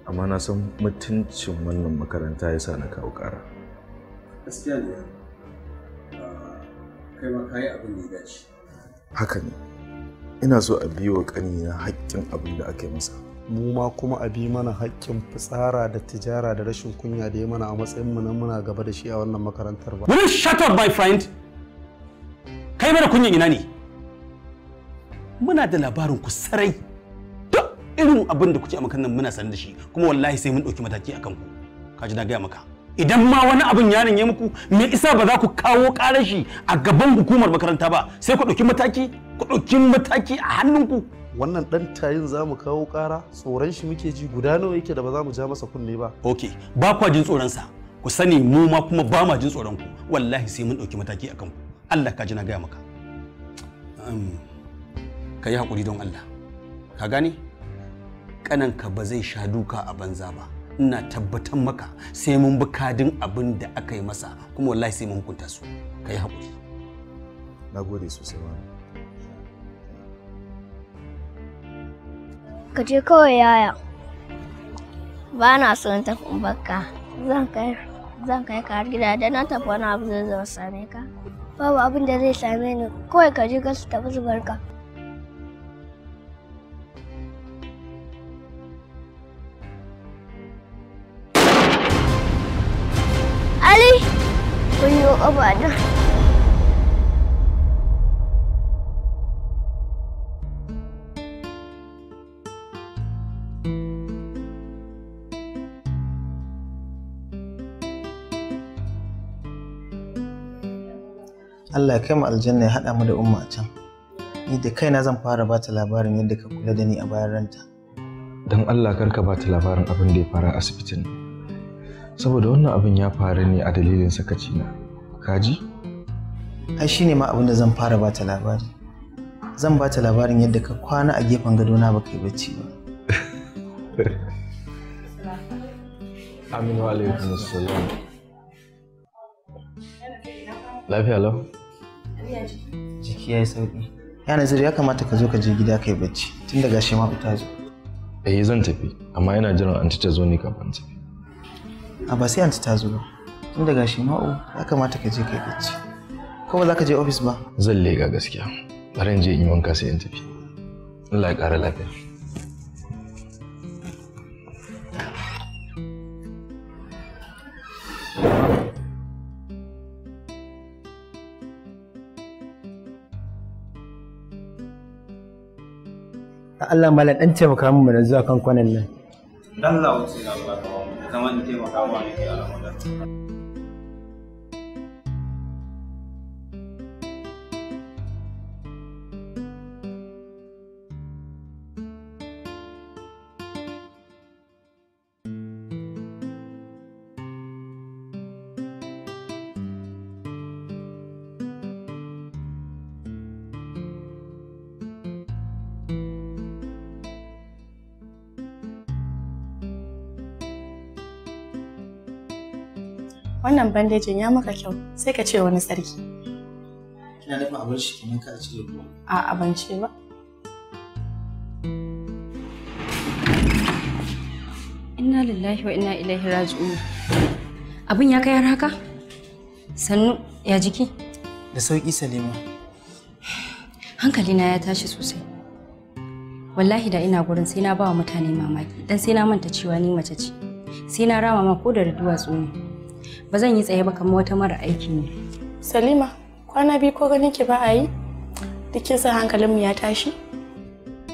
amma na san mutuncin wannan makaranta ya sa na kawo ƙara gaskiya ne ah, kai ma kayi abin da ya dace haka ne ina so a biyo wa ƙanina haƙƙin abin da aka yi masa mu ma kuma a bi mana haƙƙin fitsara da tijara da rashin kunya da ya mana a matsayin mu na muna gaba da shi a wannan makarantar ba. Will you shut up my friend? kai mana kunyan ina ne muna da labarin ku sarai duk irin abin da kuke a makan muna sanar da shi kuma wallahi sai mun ɗauki mataki akan ku ka ji na gaya maka idan ma wani abin ya ya muku me isa ba za ku kawo ƙarar shi a gaban hukumar makaranta ba sai ku ɗauki mataki ku ɗauki mataki a hannunku wannan ɗan tayin za mu kawo ƙara tsoron shi muke ji guda nawa yake da ba za mu ja masa kunne ba ok ba kwa jin tsoronsa ku sani mu ma kuma ba ma jin tsoron ku wallahi sai mun ɗauki mataki akan ku Allah ka ji na gaya maka ka yi haƙuri don Allah ka gane ƙananka ba zai sha duka a banza ba ina tabbatar maka sai mun bi kadin abin da aka yi masa kuma wallahi sai mun hukunta su ka yi haƙuri na gode sosai ba. ka je kawai yaya ba na son tafi baka zan kai ka har gida da na tafi wani abu zai zama same ka babu abin da zai same ni kawai ka je su tafi su barka Ali kun yi ƙafa Allah ya kai mu aljanna ya haɗa mu da umma can ni da kaina zan fara ba ta labarin yadda ka kula da ni a bayan ranta don Allah kar ka ba ta labarin abin da ya faru a asibitin saboda wannan abin ya faru ne a dalilin sakaci na kaji ai shine ma abin da zan fara ba ta labari zan ba ta labarin yadda ka kwana a gefen gadona ba kai bacci ba Aminu alaikum salam. Lafiya lau? Jiki ya yi sauƙi. Ya Naziru ya kamata ka zo ka je gida kai bacci tun daga shi ma fita zo. Eh zan tafi amma yana jiran anti ta zo ne kafin tafi. A ba sai anti ta zo ba. Tun daga shi ma'u oh, ya kamata ka je kai bacci. Ko ba za ka je ofis ba? Zan lega gaskiya. Bari in je in yi wanka sai in tafi. Allah ya ƙara lafiya. Allah malam dan taimaka min mana zuwa kan kwanan nan. Allah wuce na ba kamar taimaka mu ne ke al'amuran. Wannan bandejin ya maka kyau sai ka ce wani sarki. Kina nufin abinci shi kenan ka cire ruwa? A abinci ba. Inna lillahi wa inna ilaihi raji'un. Abin ya kai haka? Sannu ya jiki? Da sauki Salima. hankali na ya tashi sosai. Wallahi da ina gurin sai na ba wa mutane mamaki dan sai na manta cewa ni mace ce. Sai na rama ma ko da duwatsu ne. ba zan yi tsaye ba kamar wata mara aiki ne salima kwana biyu ko ganin ki ba a yi duk sa mu ya tashi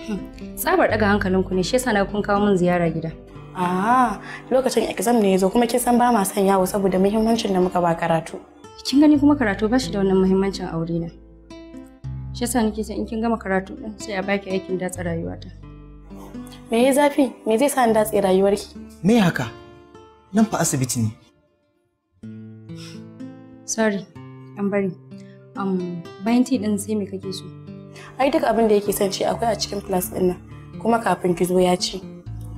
hmm. tsabar daga ku ne shi yasa na kun kawo min ziyara gida Ah, lokacin exam ne yazo kuma kin san ba ma son yawo saboda muhimmancin da muka ba karatu. Kin gani kuma karatu ba shi da wannan muhimmancin aure na. Shi yasa nake in kin gama karatu din sai a baki aikin datsa rayuwata. Me yayi zafi? Me zai sa ni datse rayuwarki? Me haka? Nan fa asibiti ne. sorry an bari um, bayan ti din sai me kake so ai duk abin da yake son ci akwai a cikin class din nan kuma kafin ki zo ya ci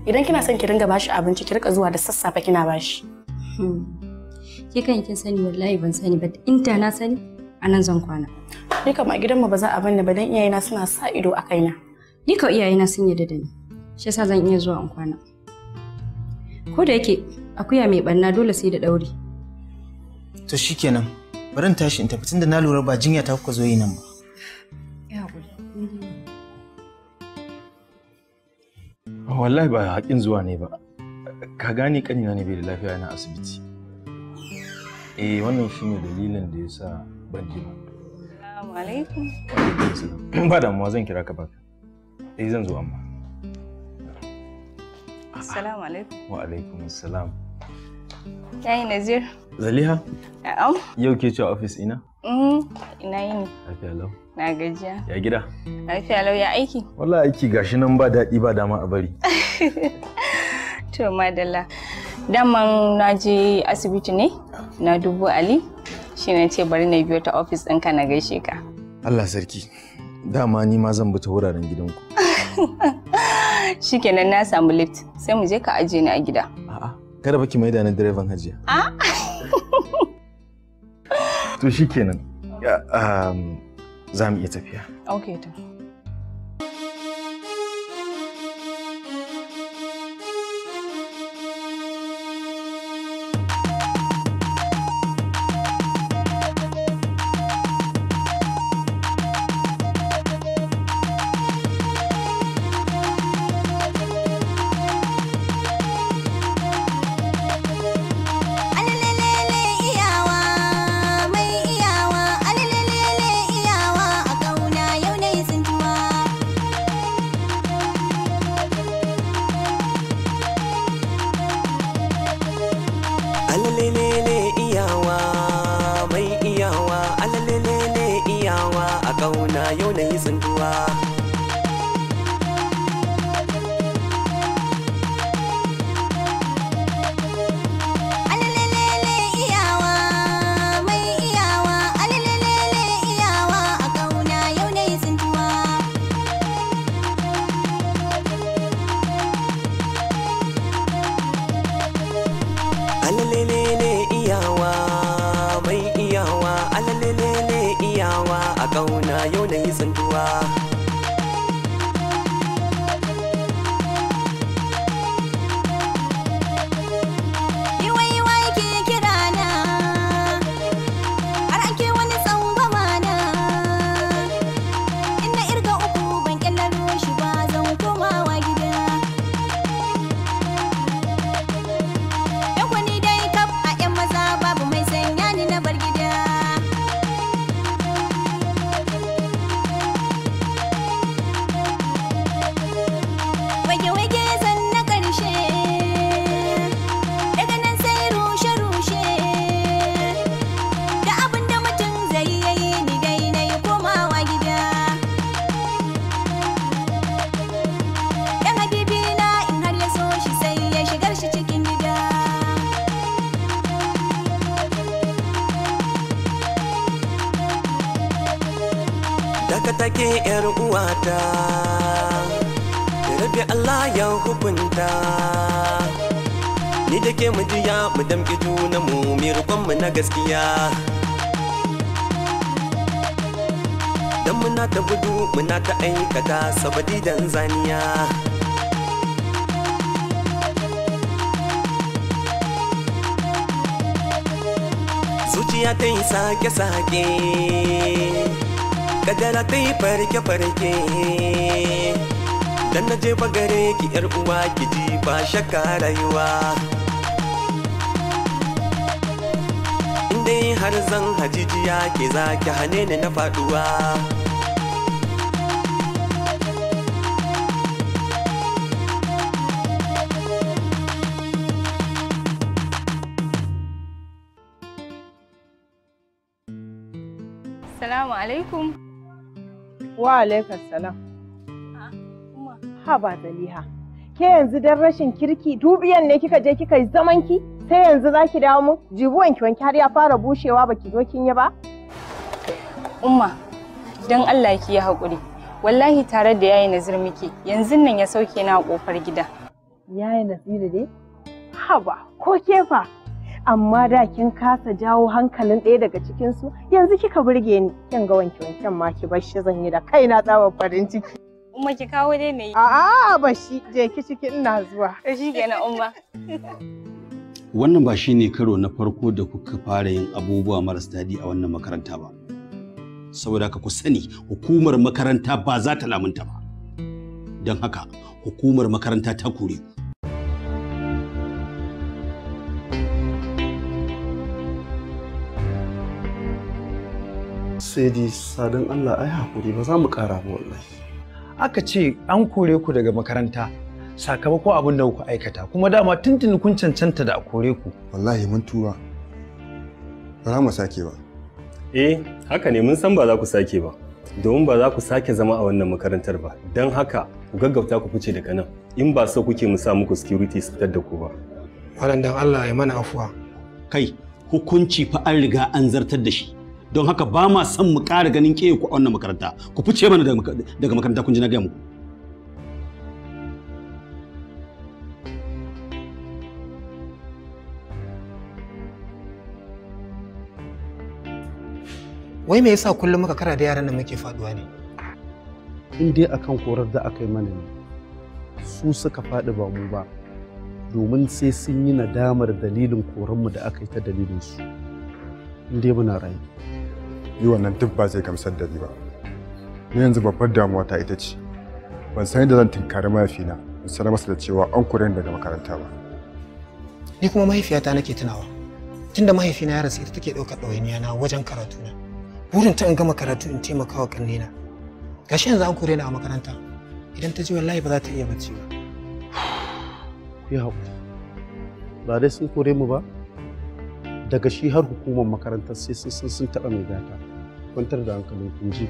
idan kina son ki ringa bashi abinci ki rika zuwa da sassafe kina bashi hmm. ke kan kin sani wallahi ban sani ba inda na sani anan zan kwana ni kam a gidanmu ba za a bani ba dan iyayena suna sa ido a kaina ni ka iyayena sun yarda da ni shi yasa zan iya zuwa in kwana ko da yake akuya mai banna dole sai da dauri. To kenan, bari in tashi in tafi tunda na lura ba jinya ta kuka zo yi nan ba. Mhm. Oh, wallahi ba haƙin zuwa ne ba. Ka gane na ne bai da lafiya yana asibiti. Eh wannan shine dalilin da yasa ban ji ba. Assalamu alaikum. Ba damuwa zan kira ka ba. Eh zan zo amma. Assalamu alaikum. Wa alaikum assalam. Yayi Nazir. Zaliha? Na'am. Yau ke cewa ofis ina? Mm, ina yi ne. Lafiya lau. Na gajiya. Ya gida? Lafiya lau ya aiki? Wala aiki gashi nan ba daɗi ba dama a bari. To madalla. Daman na je asibiti ne na dubu Ali shi na ce bari na biyo ta ofis ɗinka na gaishe ka. Allah sarki. Dama ni ma zan bi ta wuraren gidanku. Shikenan na samu lift sai mu je ka ajiye ni a gida. A'a, kada baki mai maida ni direban hajiya. A'a. Ah! to shikenan um, za mu iya tafiya okay to ke mu jiya mu damƙi juna mu mi mu na gaskiya dan muna ta gudu muna ta aikata sabadi dan zaniya zuciya ta yi sake-sake kadara ta yi farke-farke dan na je bagare ki yar uwa ki ji ba shakka rayuwa dai har zan hajijiya ke za ki hane ni na faduwa Salamu alaikum. Wa alaikas salam. Ah, ha ba daliha. Ke yanzu dan rashin kirki dubiyan ne kika je kika yi zamanki? ki? sai yanzu za ki dawo mu jibu wanki wanki har ya fara bushewa ba ki zo kin yi ba? Umma, don Allah ki yi haƙuri. Wallahi tare da yayi nazir muke yanzu nan ya sauke na ƙofar gida. Yayi naziru dai? Haba, ko kefa. Amma da kin kasa jawo hankalin ɗaya daga cikinsu yanzu kika burge ni. Kin ga wanki wanken ma ki bar zan yi da kaina tsawon farin ciki. Umma ki kawo dai na yi. A'a bashi je ki ciki ina zuwa. Shi kenan umma. wannan ba shi ne karo na farko da kuka fara yin abubuwa maras daɗi a wannan makaranta ba saboda ka ku sani hukumar makaranta ba za ta lamunta ba don haka hukumar makaranta ta kore sai sadin Allah ai hakuri ba za mu ƙara ba wallahi aka ce an kore ku daga makaranta sakamakon abin da kuka aikata kuma dama tuntuni kun cancanta da a kore ku wallahi mun tura ba za mu sake ba eh haka ne mun san ba za ku sake ba domin ba za ku sake zama a wannan makarantar ba don haka ku gaggauta ku fice daga nan in ba so kuke mu sa muku security su fitar da ku ba dan Allah ya mana afuwa kai hukunci fa an riga an zartar da shi don haka ba ma son mu ƙara ganin ke ku a wannan makaranta ku fice mana daga makaranta kun ji na gaya muku wai me yasa kullum muka kara da yaran nan muke faduwa ne in dai akan korar da aka yi mana ne su suka faɗi ba mu ba domin sai sun yi nadamar dalilin koranmu da aka yi ta dalilin su in dai muna rayu yi wannan duk ba zai gamsar da ni ba ni yanzu babbar damuwa ta ita ce ban san yadda zan tinkari mahaifina in sanar masa da cewa an kore ni daga makaranta ba ni kuma mahaifiyata nake tunawa tunda mahaifina ya rasu ita take ɗaukar ɗawainiya na wajen karatuna burin ta in gama karatu in taimaka wa na gashi yanzu an kore ni a makaranta idan ta ji wallahi ba za ta iya bacci ba ya haƙuri ba dai sun kore mu ba daga shi har hukumar makarantar sai sun taɓa mai gata kwantar da hankalin kun ji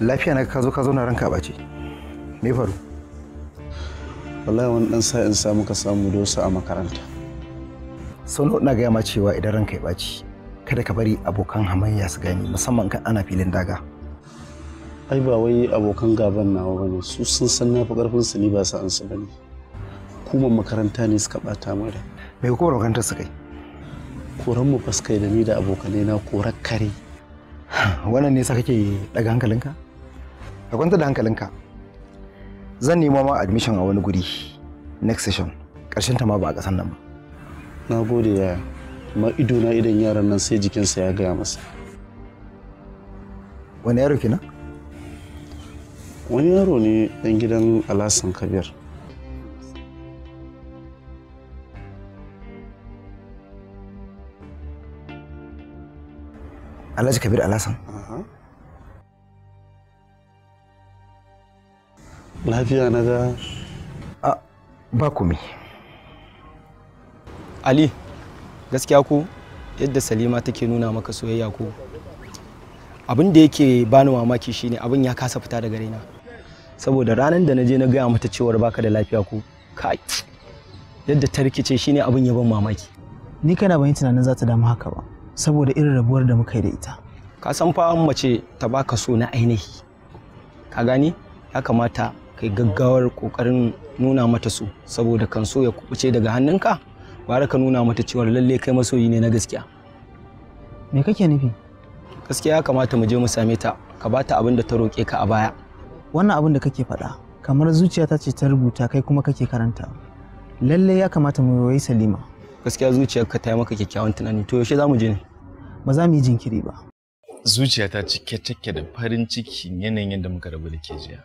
lafiya na ka zo ka zauna ranka bace, me faru wallahi wani dan sa'in sa muka samu dosa a makaranta sau na gaya ma cewa idan ranka ya ɓaci kada ka bari abokan hamayya su gani musamman kan ana filin daga ai ba wai abokan gaban nawa bane su sun san na fi karfin su ni ba su an su bane kuma makaranta ne suka bata mu da me hukumar rokanta su kai koran mu faskai da ni da abokanai na korar kare wannan ne sa kake daga hankalinka ka kwanta da hankalinka zan nemo ma admission a wani guri next session karshen ta ma ba a kasan nan ba na gode ya amma ido na idan yaran nan sai jikinsa ya gaya masa wani yaro kina wani yaro ne dan gidan alasan kabir alhaji kabir alhassan. uh -huh. lafiya na ga a ba kumi ali gaskiya ko yadda salima take nuna maka soyayya ko abin da yake bani mamaki shine abin ya kasa fita daga raina saboda ranar da na je na gaya mata cewar baka da lafiya ko kai yadda ta rikice shine abin ya ban mamaki ni kana ban tunanin za ta damu haka ba saboda irin rabuwar da muka yi da ita ka san fa mace ta baka so na ainihi ka gani ya kamata kai gaggawar kokarin nuna mata su saboda kan so ya kubuce daga hannunka bara ka nuna mata cewa lalle kai masoyi ne na gaskiya me kake nufi gaskiya ya kamata mu je mu same ta ka bata abin da ta roke ka a baya wannan abin da kake faɗa kamar zuciyata ce ta rubuta kai kuma kake karanta lalle ya kamata mu yi salima gaskiya zuciyarka ta yi maka kyakkyawan tunani to yaushe za mu je ne ba za mu yi jinkiri ba zuciyata cike cike da farin cikin yanayin yadda muka rabu da ke jiya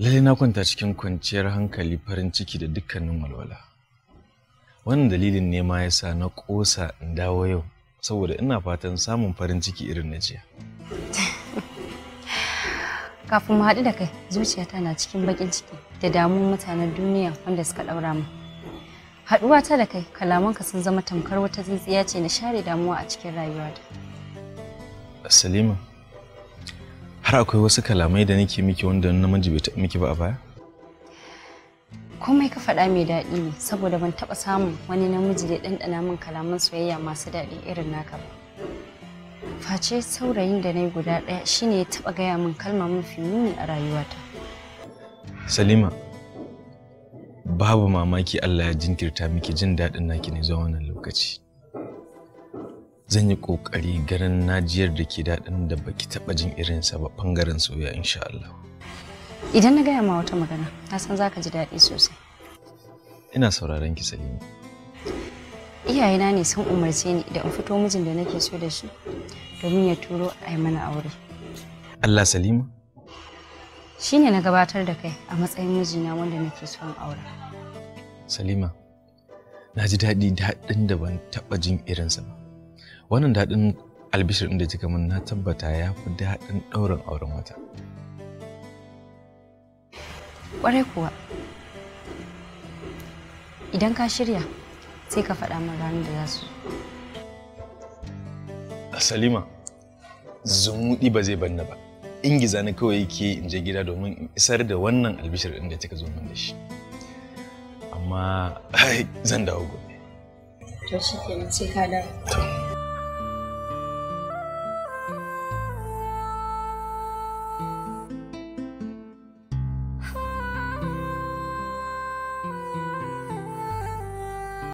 Lallai na kwanta cikin kwanciyar hankali farin ciki da dukkanin walwala. Wannan dalilin ne ma yasa na ƙosa in dawo yau saboda ina fatan samun farin ciki irin na jiya. Kafin mu haɗu da kai, zuciyata na cikin baƙin ciki da damuwar mutanen duniya wanda suka ɗaura mu. Haɗuwa ta da kai, kalamanka sun zama tamkar wata tsintsiya ce na share damuwa a cikin rayuwata. Salima. har akwai wasu kalamai da nake miki wanda namiji bai taɓa miki ba a baya? Komai ka faɗa mai daɗi ne saboda ban taɓa samun wani namiji da ɗanɗana min kalaman soyayya masu daɗi irin naka ba. Face saurayin da na yi guda ɗaya shine ya taɓa gaya min kalma mafi muni a rayuwata. Salima, babu mamaki Allah ya jinkirta miki jin daɗin naki ne zuwa wannan lokaci. zan yi ƙoƙari ganin najiyar da ke daɗin da baki taɓa jin irinsa ba ɓangaren soya insha Allah. Idan na gaya ma wata magana, na san za ka ji daɗi sosai. Ina sauraron ki Salima. Iyayena ne sun umarce ni da in fito mijin da nake so da shi domin ya turo a yi mana aure. Allah Salima? Shi ne na gabatar da kai a matsayin mijina wanda nake so in aura. Salima, na ji daɗi daɗin da ban taɓa jin irinsa ba. wannan daɗin albishir ɗin da kika mun na tabbata ya fi daɗin ɗaurin auren wata ƙwarai kuwa idan ka shirya sai ka faɗa min ranar da za su salima zumuɗi ba zai banna ba ingiza ni kawai yake in je gida domin in isar da wannan albishir ɗin da kika zo min da shi amma zan dawo gobe to shi kenan sai ka dawo